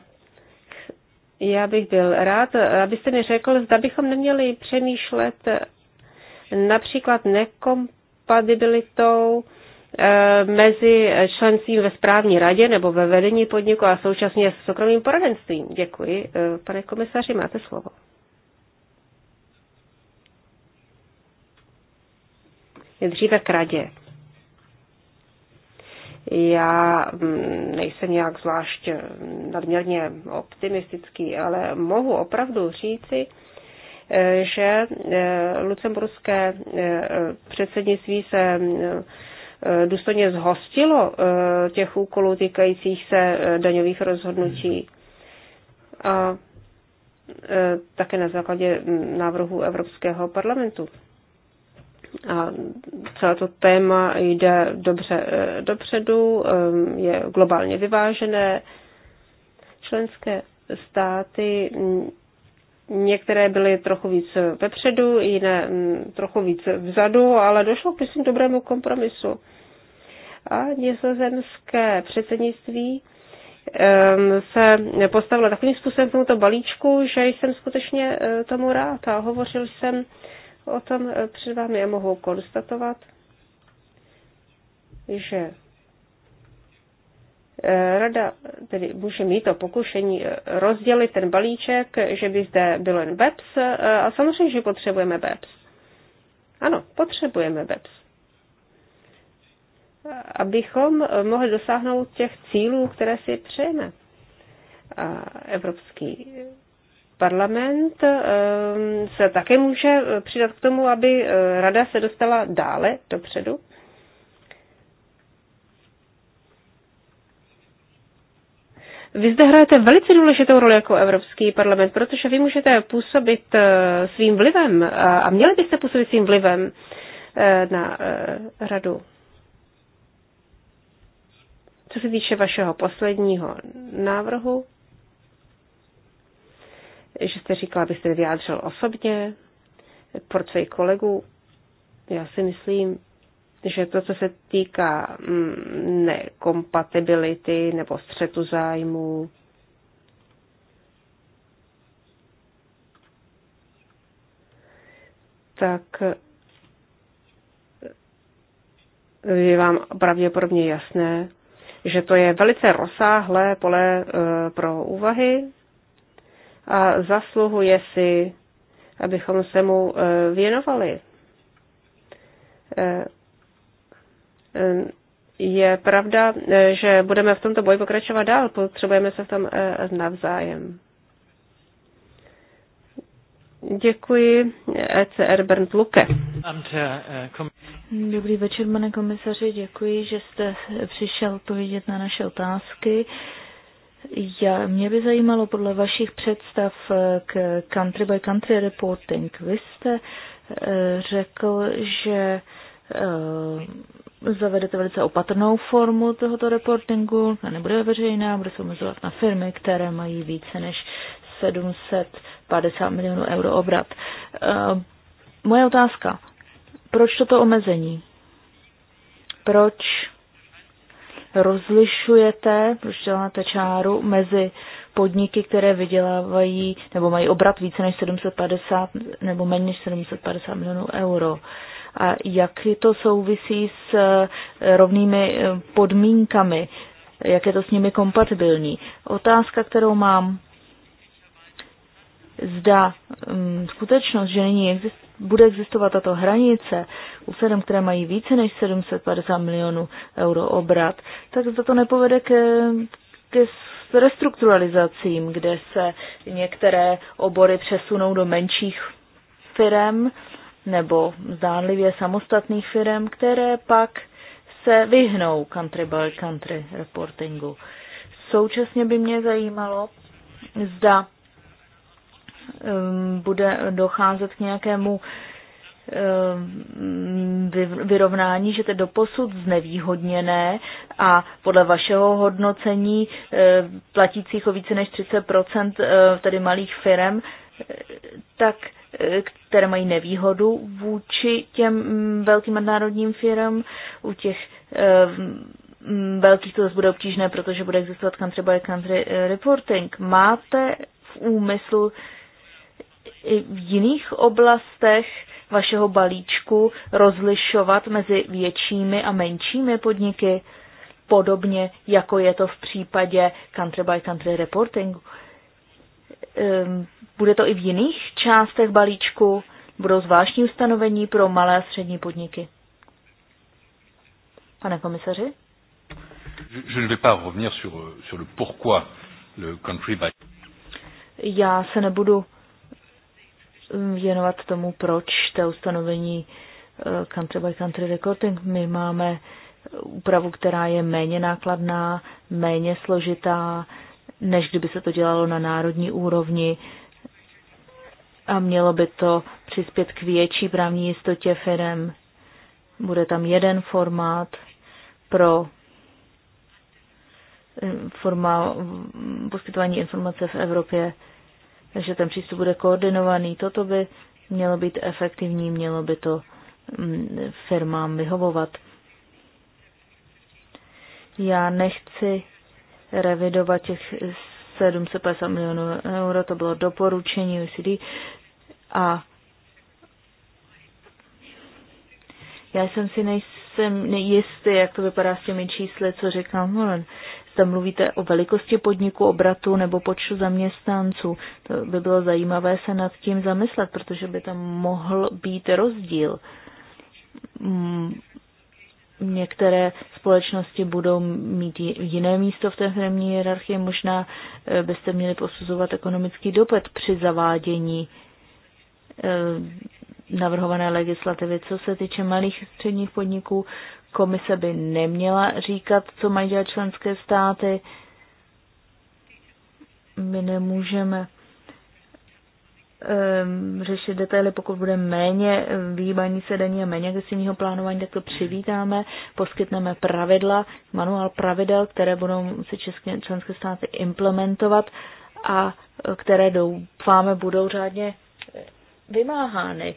já bych byl rád, abyste mi řekl, zda bychom neměli přemýšlet například nekompatibilitou Eh, mezi členstvím ve správní radě nebo ve vedení podniku a současně s soukromým poradenstvím. Děkuji. Eh, pane komisaři, máte slovo. Dříve k radě. Já hm, nejsem nějak zvlášť eh, nadměrně optimistický, ale mohu opravdu říci, že lucemburské předsednictví se Eh, důstojně zhostilo eh, těch úkolů týkajících se eh, daňových rozhodnutí. A také na základě mm, návrhu Evropského parlamentu. A celé to téma jde dobře dopředu, je globálně vyvážené. Členské státy mm, Některé byly trochu víc vepředu, jiné mm, trochu víc vzadu, ale došlo k dobrému kompromisu a nizozemské předsednictví se postavilo takovým způsobem k tomuto balíčku, že jsem skutečně e, tomu rád a hovořil jsem o tom e, před vámi a mohu konstatovat, že e, rada tedy může mít to pokušení rozdělit ten balíček, že by zde byl jen BEPS a samozřejmě, že potřebujeme BEPS. Ano, potřebujeme BEPS abychom mohli dosáhnout těch cílů, které si přejeme. A Evropský parlament ehm, se také může přidat k tomu, aby eh, rada se dostala dále dopředu. Vy zde hrajete velice důležitou roli jako Evropský parlament, protože vy můžete působit eh, svým vlivem a měli byste působit svým vlivem eh, na radu. Co se týče vašeho posledního návrhu, že jste říkala, abyste vyjádřil osobně portfej kolegů, já si myslím, že to, co se týká mm, nekompatibility nebo střetu zájmů, tak eh, je vám pravděpodobně jasné, že to je velice rozsáhlé pole eh, pro úvahy a zasluhuje si, abychom se mu eh, věnovali. Eh, je pravda, že budeme v tomto boji pokračovat dál, potřebujeme se v tom navzájem. Děkuji. ECR Bernd Luke. Dobrý večer, pane komisaři. Děkuji, že jste přišel odpovědět na naše otázky. Já, mě by zajímalo podle vašich představ eh, k country by country reporting. Vy jste eh, řekl, že eh, zavedete velice opatrnou formu tohoto reportingu, nebude veřejná, bude se omezovat na firmy, které mají více než 750 milionů euro obrat. Eh, moje otázka. Proč toto omezení? Proč rozlišujete, proč děláte čáru mezi podniky, které vydělávají nebo mají obrat více než 750 nebo méně než 750 milionů euro. A jak to souvisí s eh, rovnými eh, podmínkami, jak je to s nimi kompatibilní. Otázka, kterou mám, zda um, skutečnost, že nyní exist, bude existovat tato hranice u firm, které mají více než 750 milionů euro obrat, tak zda to nepovede ke, ke restrukturalizacím, kde se některé obory přesunou do menších firm nebo zdánlivě samostatných firm, které pak se vyhnou country by country reportingu. Současně by mě zajímalo, zda Um, bude docházet k nějakému um, vyrovnání, že to je doposud znevýhodněné a podle vašeho hodnocení uh, platících o více než 30% uh, tedy malých firm, uh, tak které mají nevýhodu vůči těm mm, velkým nadnárodním firm. U těch mm, velkých to zase bude obtížné, protože bude existovat country by country reporting. Máte v úmyslu v jiných oblastech vašeho balíčku rozlišovat mezi většími a menšími podniky, podobně jako je to v případě country by country reportingu? Ehm, bude to i v jiných částech balíčku? Budou zvláštní ustanovení pro malé a střední podniky? Pane komisaři? Je ne vais pas revenir sur, sur le pourquoi le country by... Já se nebudu věnovat tomu, proč ta ustanovení eh, country by country recording. My máme úpravu, která je méně nákladná, méně složitá, než kdyby se to dělalo na národní úrovni a mělo by to přispět k větší právní jistotě firm. Bude tam jeden formát pro eh, forma poskytování informace v Evropě že ten přístup bude koordinovaný. Toto by mělo být efektivní, mělo by to mm, firmám vyhovovat. Já nechci revidovat těch 750 milionů euro, to bylo doporučení OECD a já jsem si nejsem nejistý, jak to vypadá s těmi čísly, co říkám, Zda mluvíte o velikosti podniku, obratu nebo počtu zaměstnanců. To by bylo zajímavé se nad tím zamyslet, protože by tam mohl být rozdíl. Mm, některé společnosti budou mít jiné místo v té firmní hierarchii. Možná eh, byste měli posuzovat ekonomický dopad při zavádění eh, navrhované legislativy. Co se týče malých středních podniků, Komise by neměla říkat, co mají dělat členské státy. My nemůžeme um, řešit detaily, pokud bude méně ehm, výjímání se daní a méně agresivního plánování, tak to přivítáme, poskytneme pravidla, manuál pravidel, které budou si české členské státy implementovat a eh, které doufáme budou řádně eh, vymáhány.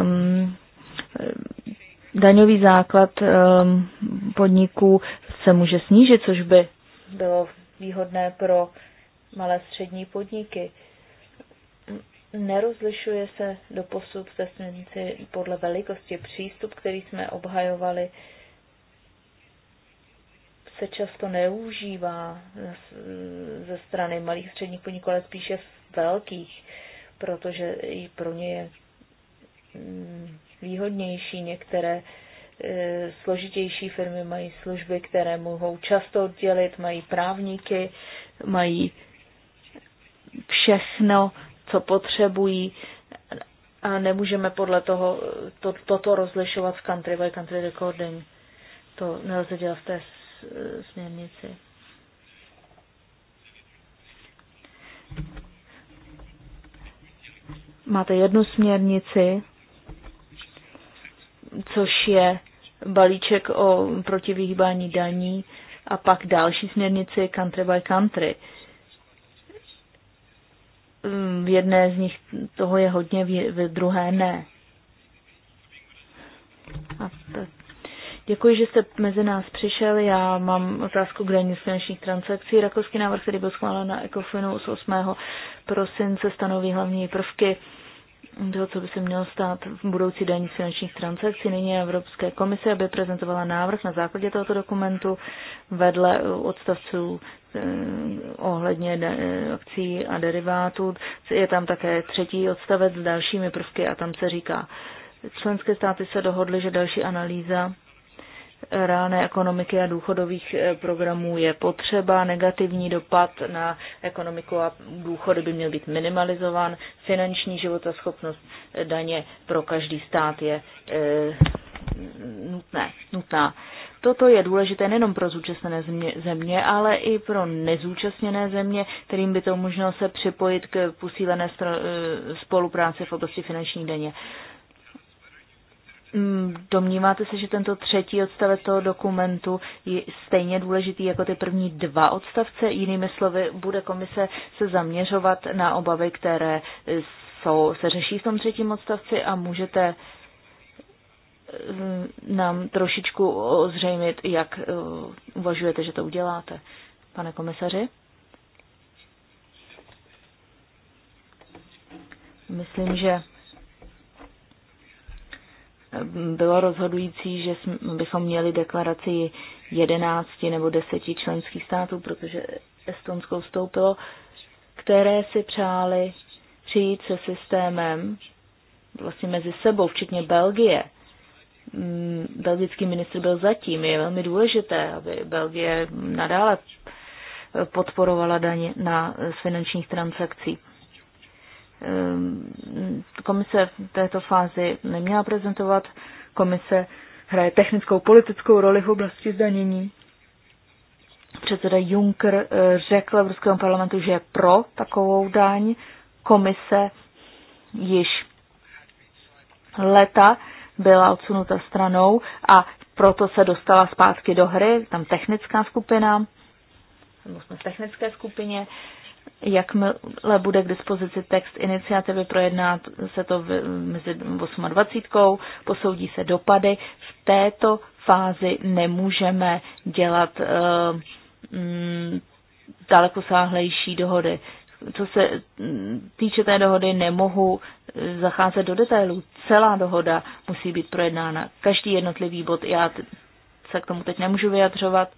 Um, daňový základ ehm, podniků se může snížit, což by bylo výhodné pro malé střední podniky. Nerozlišuje se do posud ve směrnici podle velikosti. Přístup, který jsme obhajovali, se často neužívá ze strany malých středních podniků, ale spíše velkých, protože i pro ně je mm, výhodnější. Některé e, složitější firmy mají služby, které mohou často oddělit, mají právníky, mají všechno, co potřebují a nemůžeme podle toho to, toto rozlišovat v country by country recording. To nelze dělat v té e, směrnici. Máte jednu směrnici, což je balíček o protivýhýbání daní a pak další směrnici country by country. V jedné z nich toho je hodně, v druhé ne. A Děkuji, že jste mezi nás přišel. Já mám otázku k daní z finančních transakcí. Rakovský návrh, který byl schválen na Ecofinu z 8. prosince, stanoví hlavní prvky toho, co by se mělo stát v budoucí daní z finančních transakcí. Nyní Evropské komise, aby prezentovala návrh na základě tohoto dokumentu vedle odstavců eh, ohledně eh, akcí a derivátů. Je tam také třetí odstavec s dalšími prvky a tam se říká, členské státy se dohodly, že další analýza reálné ekonomiky a důchodových eh, programů je potřeba. Negativní dopad na ekonomiku a důchody by měl být minimalizován. Finanční život a schopnost eh, daně pro každý stát je eh, nutné, nutná. Toto je důležité nejenom pro zúčastněné země, země, ale i pro nezúčastněné země, kterým by to umožnilo se připojit k posílené spolupráci v oblasti finanční daně. Mm, domníváte se, že tento třetí odstavec toho dokumentu je stejně důležitý jako ty první dva odstavce? Jinými slovy, bude komise se zaměřovat na obavy, které eh, jsou, se řeší v tom třetím odstavci a můžete eh, nám trošičku ozřejmit, jak eh, uvažujete, že to uděláte, pane komisaři? Myslím, že bylo rozhodující, že bychom měli deklaraci 11 nebo 10 členských států, protože Estonsko vstoupilo, které si přáli přijít se systémem vlastně mezi sebou, včetně Belgie. Mm, belgický ministr byl zatím. Je velmi důležité, aby Belgie nadále podporovala daně na z finančních transakcí. Ehm, komise v této fázi neměla prezentovat. Komise hraje technickou politickou roli v oblasti zdanění. Předseda Juncker eh, řekl ruském parlamentu, že je pro takovou daň. Komise již leta byla odsunuta stranou a proto se dostala zpátky do hry, tam technická skupina, nebo jsme v technické skupině, jakmile bude k dispozici text iniciativy, projedná se to mezi 28. posoudí se dopady. V této fázi nemůžeme dělat uh, eh, mm, dalekosáhlejší dohody. Co se mm, týče té dohody, nemohu eh, zacházet do detailů. Celá dohoda musí být projednána. Každý jednotlivý bod, já se k tomu teď nemůžu vyjadřovat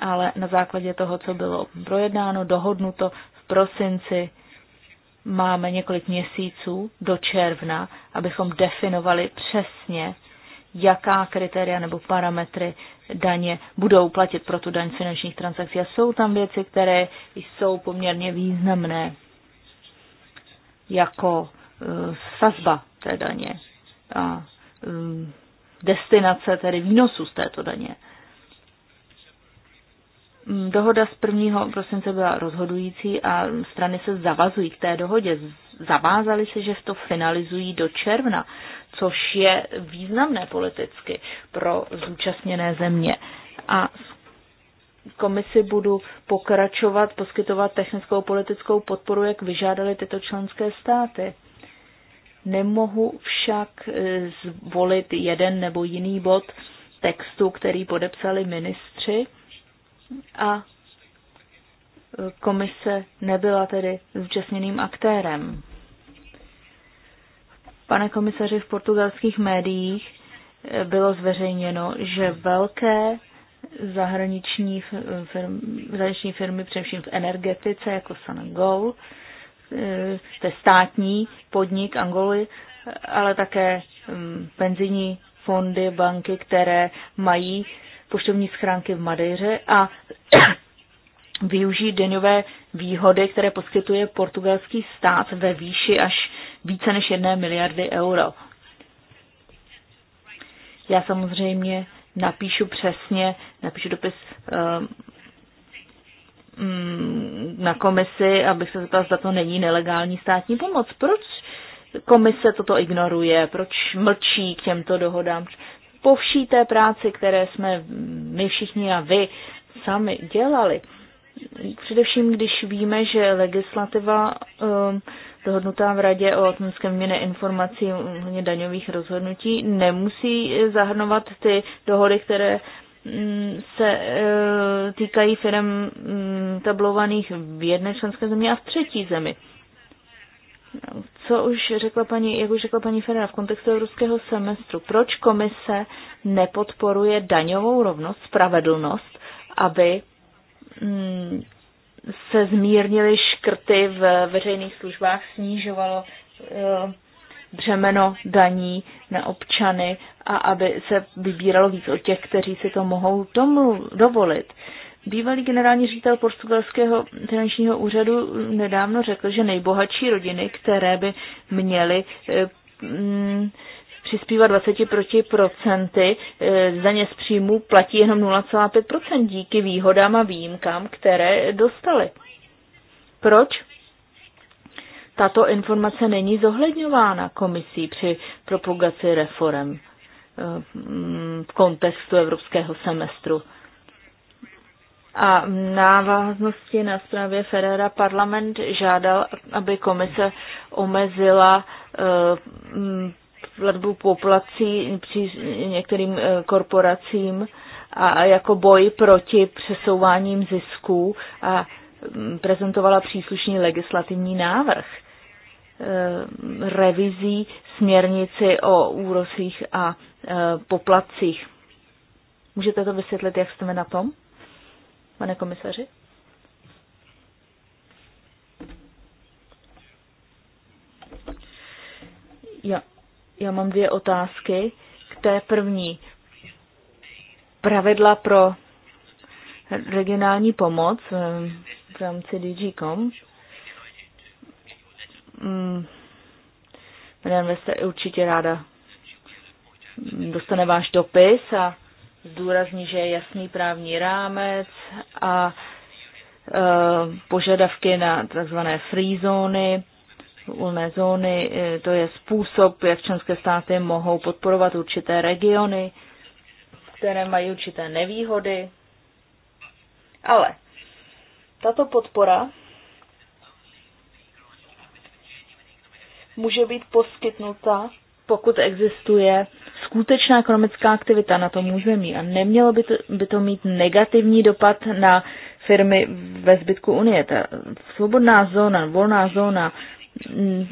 ale na základě toho, co bylo projednáno, dohodnuto v prosinci, máme několik měsíců do června, abychom definovali přesně, jaká kritéria nebo parametry daně budou platit pro tu daň finančních transakcí. A jsou tam věci, které jsou poměrně významné, jako uh, sazba té daně a um, destinace, tedy výnosu z této daně. Mm, dohoda z 1. prosince byla rozhodující a strany se zavazují k té dohodě. Zavázali se, že to finalizují do června, což je významné politicky pro zúčastněné země. A komisi budu pokračovat, poskytovat technickou politickou podporu, jak vyžádali tyto členské státy. Nemohu však e, zvolit jeden nebo jiný bod textu, který podepsali ministři, a komise nebyla tedy zúčastněným aktérem. Pane komisaři, v portugalských médiích eh, bylo zveřejněno, že velké zahraniční firmy, zahraniční firmy především v energetice, jako Sanangol, eh, to je státní podnik Angoly, eh, ale také mm, penzijní fondy, banky, které mají poštovní schránky v Madejře a využít denové výhody, které poskytuje portugalský stát ve výši až více než jedné miliardy euro. Já samozřejmě napíšu přesně, napíšu dopis um, na komisi, abych se zeptal, zda to není nelegální státní pomoc. Proč komise toto ignoruje? Proč mlčí k těmto dohodám? po vší té práci, které jsme my všichni a vy sami dělali, především když víme, že legislativa um, dohodnutá v Radě o atmické měně informací o daňových rozhodnutí nemusí zahrnovat ty dohody, které mm, se uh, týkají firm mm, tablovaných v jedné členské zemi a v třetí zemi co už řekla paní, jak už řekla paní Ferrera v kontextu evropského semestru, proč komise nepodporuje daňovou rovnost, spravedlnost, aby mm, se zmírnily škrty v veřejných službách, snižovalo e, břemeno daní na občany a aby se vybíralo víc od těch, kteří si to mohou domlu- dovolit. Bývalý generální ředitel portugalského finančního úřadu nedávno řekl, že nejbohatší rodiny, které by měly eh, mm, přispívat 25% daně eh, z příjmu, platí jenom 0,5% díky výhodám a výjimkám, které dostali. Proč? Tato informace není zohledňována komisí při propagaci reform eh, mm, v kontextu evropského semestru. A v návaznosti na zprávě Ferrera parlament žádal, aby komise omezila platbu eh, mm, při některým eh, korporacím a jako boj proti přesouváním zisků a mm, prezentovala příslušný legislativní návrh eh, revizí směrnici o úrosích a poplacích. Můžete to vysvětlit, jak jste na tom? pane komisaři? Já, já mám dvě otázky k té první. Pravidla pro regionální pomoc ehm, v rámci DGCOM. hmm. Vester určitě ráda dostane váš dopis a zdůrazní, že je jasný právní rámec a e, požadavky na tzv. free zóny, volné zóny, e, to je způsob, jak členské státy mohou podporovat určité regiony, které mají určité nevýhody. Ale tato podpora může být poskytnuta, pokud existuje skutečná ekonomická aktivita, na to můžeme mít. A nemělo by to, by to mít negativní dopad na firmy ve zbytku Unie. Ta svobodná zóna, volná zóna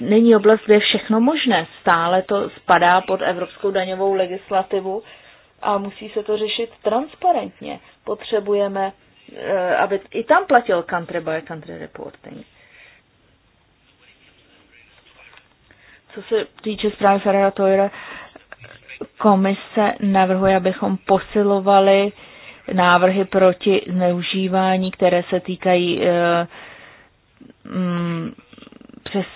není oblast, kde je všechno možné. Stále to spadá pod evropskou daňovou legislativu a musí se to řešit transparentně. Potřebujeme, eh, aby i tam platil country by country reporting. Co se týče zprávy Ferrara Toira, Komise navrhuje, abychom posilovali návrhy proti zneužívání, které se týkají eh, mm, přes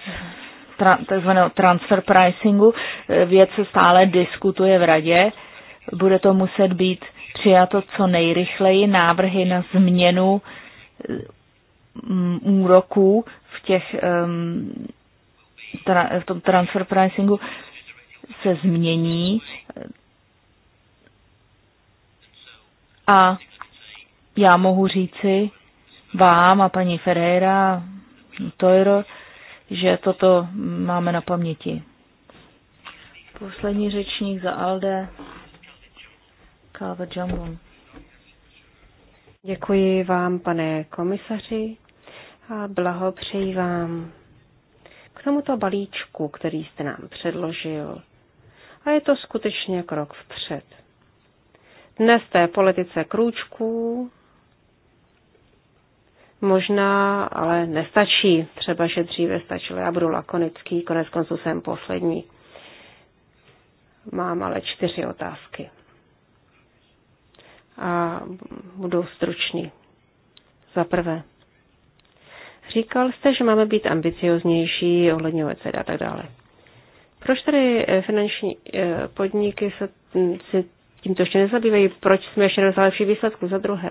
takzvaného transfer pricingu. Eh, věc se stále diskutuje v radě. Bude to muset být přijato co nejrychleji. Návrhy na změnu mm, úroků v, těch, ehm, v tom transfer pricingu se změní a já mohu říci vám a paní Ferreira, Toiro, že toto máme na paměti. Poslední řečník za Alde, Káva Jambon. Děkuji vám, pane komisaři, a blahopřeji vám k tomuto balíčku, který jste nám předložil a je to skutečně krok vpřed. Dnes té politice krůčků možná, ale nestačí. Třeba, že dříve stačilo. Já budu lakonický, konec konců jsem poslední. Mám ale čtyři otázky. A budu stručný. Za prvé. Říkal jste, že máme být ambicioznější ohledně OECD a tak dále. Proč tedy eh, finanční eh, podniky se, mm, tímto ještě nezabývají? Proč jsme ještě nedostali lepší výsledku? Za druhé,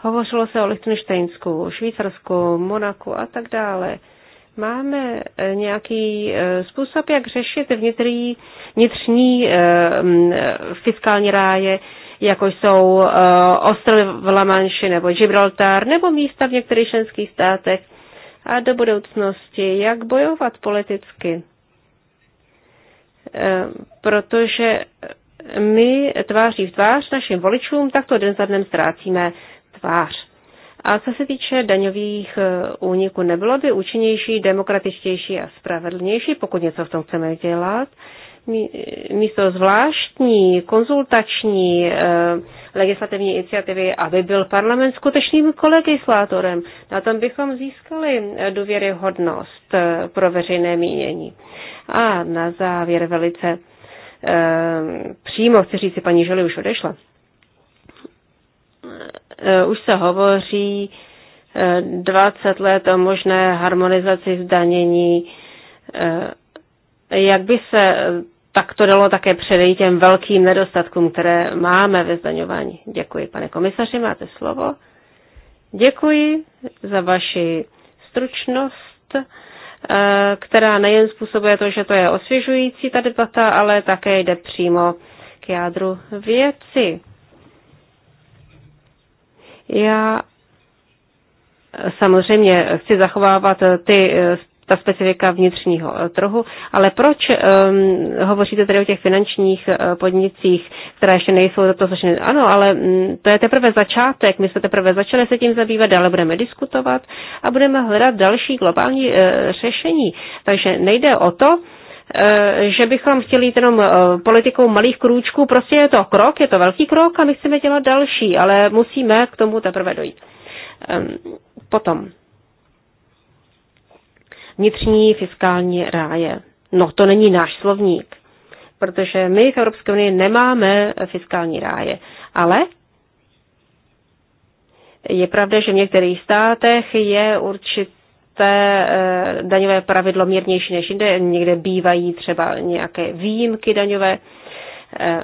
hovořilo se o Lichtensteinsku, Švýcarsku, Monaku a tak dále. Máme eh, nějaký způsob, jak řešit vnitřní, vnitřní mm, fiskální ráje, jako jsou ostrovy v La Manche nebo Gibraltar, nebo místa v některých členských státech a do budoucnosti, jak bojovat politicky Eh, protože my tváří v tvář našim voličům takto den za dnem ztrácíme tvář. A co se týče daňových eh, úniků, nebylo by účinnější, demokratičtější a spravedlnější, pokud něco v tom chceme dělat, místo zvláštní konzultační eh, legislativní iniciativy, aby byl parlament skutečným kolegislátorem. Na tom bychom získali eh, důvěryhodnost eh, pro veřejné mínění. A na závěr velice přímo chci říct, si paní Žoli už odešla. Už se hovoří 20 let o možné harmonizaci zdanění. Jak by se tak to dalo také předejít těm velkým nedostatkům, které máme ve zdaňování. Děkuji, pane komisaři, máte slovo. Děkuji za vaši stručnost, eh, která nejen způsobuje to, že to je osvěžující ta debata, ale také jde přímo k jádru věci. Já samozřejmě chci zachovávat ty eh, ta specifika vnitřního eh, trhu. Ale proč um, hovoříte tedy o těch finančních eh, podnicích, které ještě nejsou za to začne? Ano, ale mm, to je teprve začátek. My jsme teprve začali se tím zabývat, dále budeme diskutovat a budeme hledat další globální uh, řešení. Takže nejde o to, že bychom chtěli jít jenom politikou malých krůčků. Prostě je to krok, je to velký krok a my chceme dělat další, ale musíme k tomu teprve dojít. Ehm, potom vnitřní fiskální ráje. No to není náš slovník, protože my v Evropské unii nemáme fiskální ráje, ale je pravda, že v některých státech je určité eh, daňové pravidlo mírnější než jinde, někde bývají třeba nějaké výjimky daňové eh,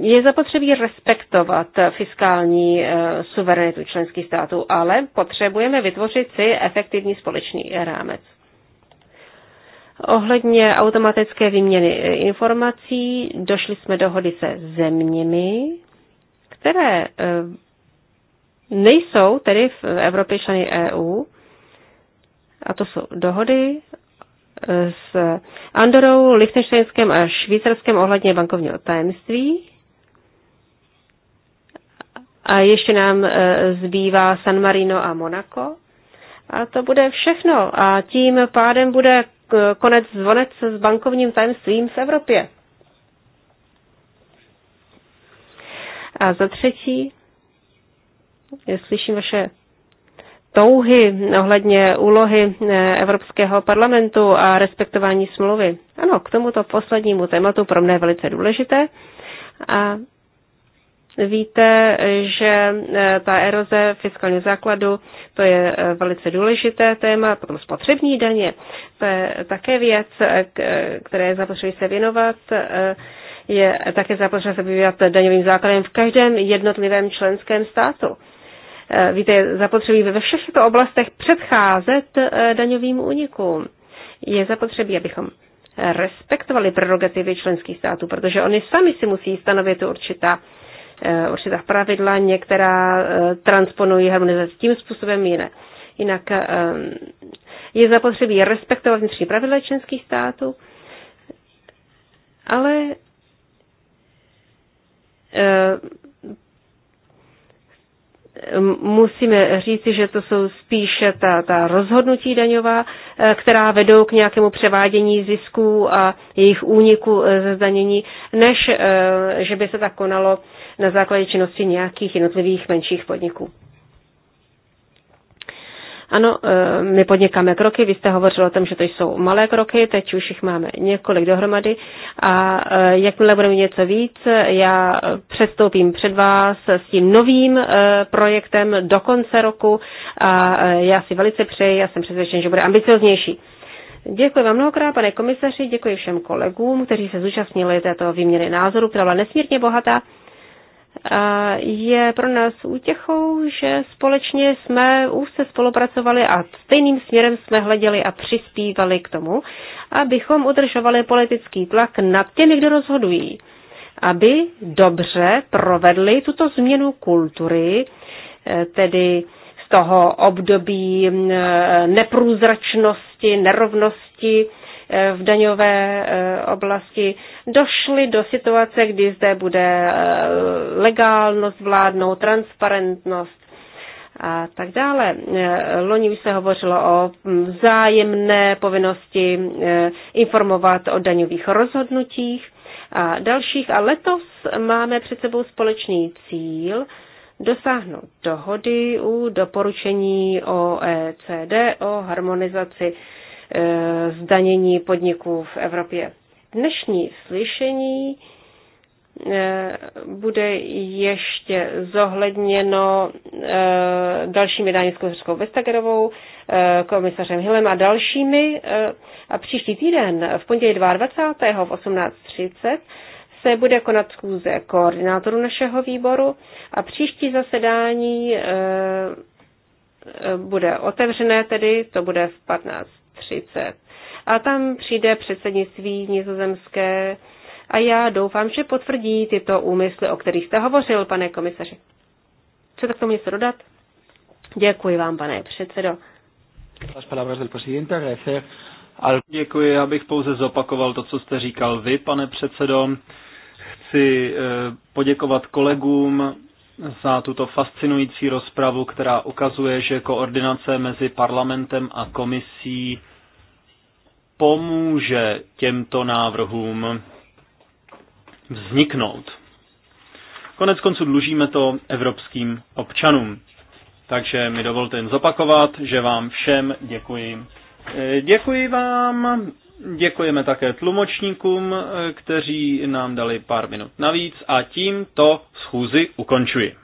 Je zapotřebí respektovat fiskální eh, suverenitu členských států, ale potřebujeme vytvořit si efektivní společný rámec. Ohledně automatické výměny eh, informací došli jsme dohody se zeměmi, které eh, nejsou tedy v Evropě členy EU, a to jsou dohody s Andorou, Lichtensteinskem a Švýcarskem ohledně bankovního tajemství. A ještě nám e, zbývá San Marino a Monaco. A to bude všechno. A tím pádem bude e, konec zvonec s bankovním tajemstvím v Evropě. A za třetí, slyším vaše touhy ohledně úlohy e, Evropského parlamentu a respektování smlouvy. Ano, k tomuto poslednímu tématu pro mne je velice důležité. A Víte, že e, ta eroze fiskálního základu, to je e, velice důležité téma, potom spotřební daně, to je také věc, e, které je zapotřebí se věnovat je také zapotřebí se vyvíjat daňovým základem v každém jednotlivém členském státu. Víte, je zapotřebí ve všech těchto oblastech předcházet daňovým únikům. Je zapotřebí, abychom respektovali prerogativy členských států, protože oni sami si musí stanovit určitá Eh, určitá pravidla, některá eh, transponují harmonizaci tím způsobem, jiné. Jinak eh, je zapotřebí respektovat vnitřní pravidla členských států, ale musíme říci, že to jsou spíše ta, ta rozhodnutí daňová, která vedou k nějakému převádění zisků a jejich úniku ze zdanění, než že by se tak konalo na základě činnosti nějakých jednotlivých menších podniků. Ano, e, my podnikáme kroky, vy jste hovořil o tom, že to jsou malé kroky, teď už jich máme několik dohromady a e, jakmile budeme něco víc, já předstoupím před vás s tím novým e, projektem do konce roku a já si velice přeji, já jsem přesvědčen, že bude ambicioznější. Děkuji vám mnohokrát, pane komisaři, děkuji všem kolegům, kteří se zúčastnili této výměny názoru, která byla nesmírně bohatá je pro nás útěchou, že společně jsme úzce spolupracovali a stejným směrem jsme hleděli a přispívali k tomu, abychom udržovali politický tlak nad těmi, kdo rozhodují, aby dobře provedli tuto změnu kultury, eh, tedy z toho období eh, neprůzračnosti, nerovnosti, Eh, v daňové eh, oblasti došli do situace, kdy zde bude eh, legálnost vládnou, transparentnost a tak dále. Loni už se hovořilo o mm, vzájemné povinnosti informovat o daňových rozhodnutích a dalších. A letos máme před sebou společný cíl dosáhnout dohody u doporučení o ECD o harmonizaci E, zdanění podniků v Evropě. Dnešní slyšení e, bude ještě zohledněno e, dalšími jednání s komisařkou Vestagerovou, komisařem Hillem a dalšími. A příští týden, v pondělí 22. v 18.30, se bude konat schůze koordinátoru našeho výboru a příští zasedání bude otevřené tedy, to bude v 15 2030. A tam přijde předsednictví nizozemské a já doufám, že potvrdí tyto úmysly, o kterých jste hovořil, pane komisaři. Co tak tomu něco dodat? Děkuji vám, pane předsedo. Děkuji, já bych pouze zopakoval to, co jste říkal vy, pane předsedo. Chci eh, poděkovat kolegům za tuto fascinující rozpravu, která ukazuje, že koordinace mezi parlamentem a komisí pomůže těmto návrhům vzniknout. Konec konců dlužíme to evropským občanům. Takže mi dovolte jen zopakovat, že vám všem děkuji. Děkuji vám, děkujeme také tlumočníkům, kteří nám dali pár minut navíc a tímto schůzi ukončuji.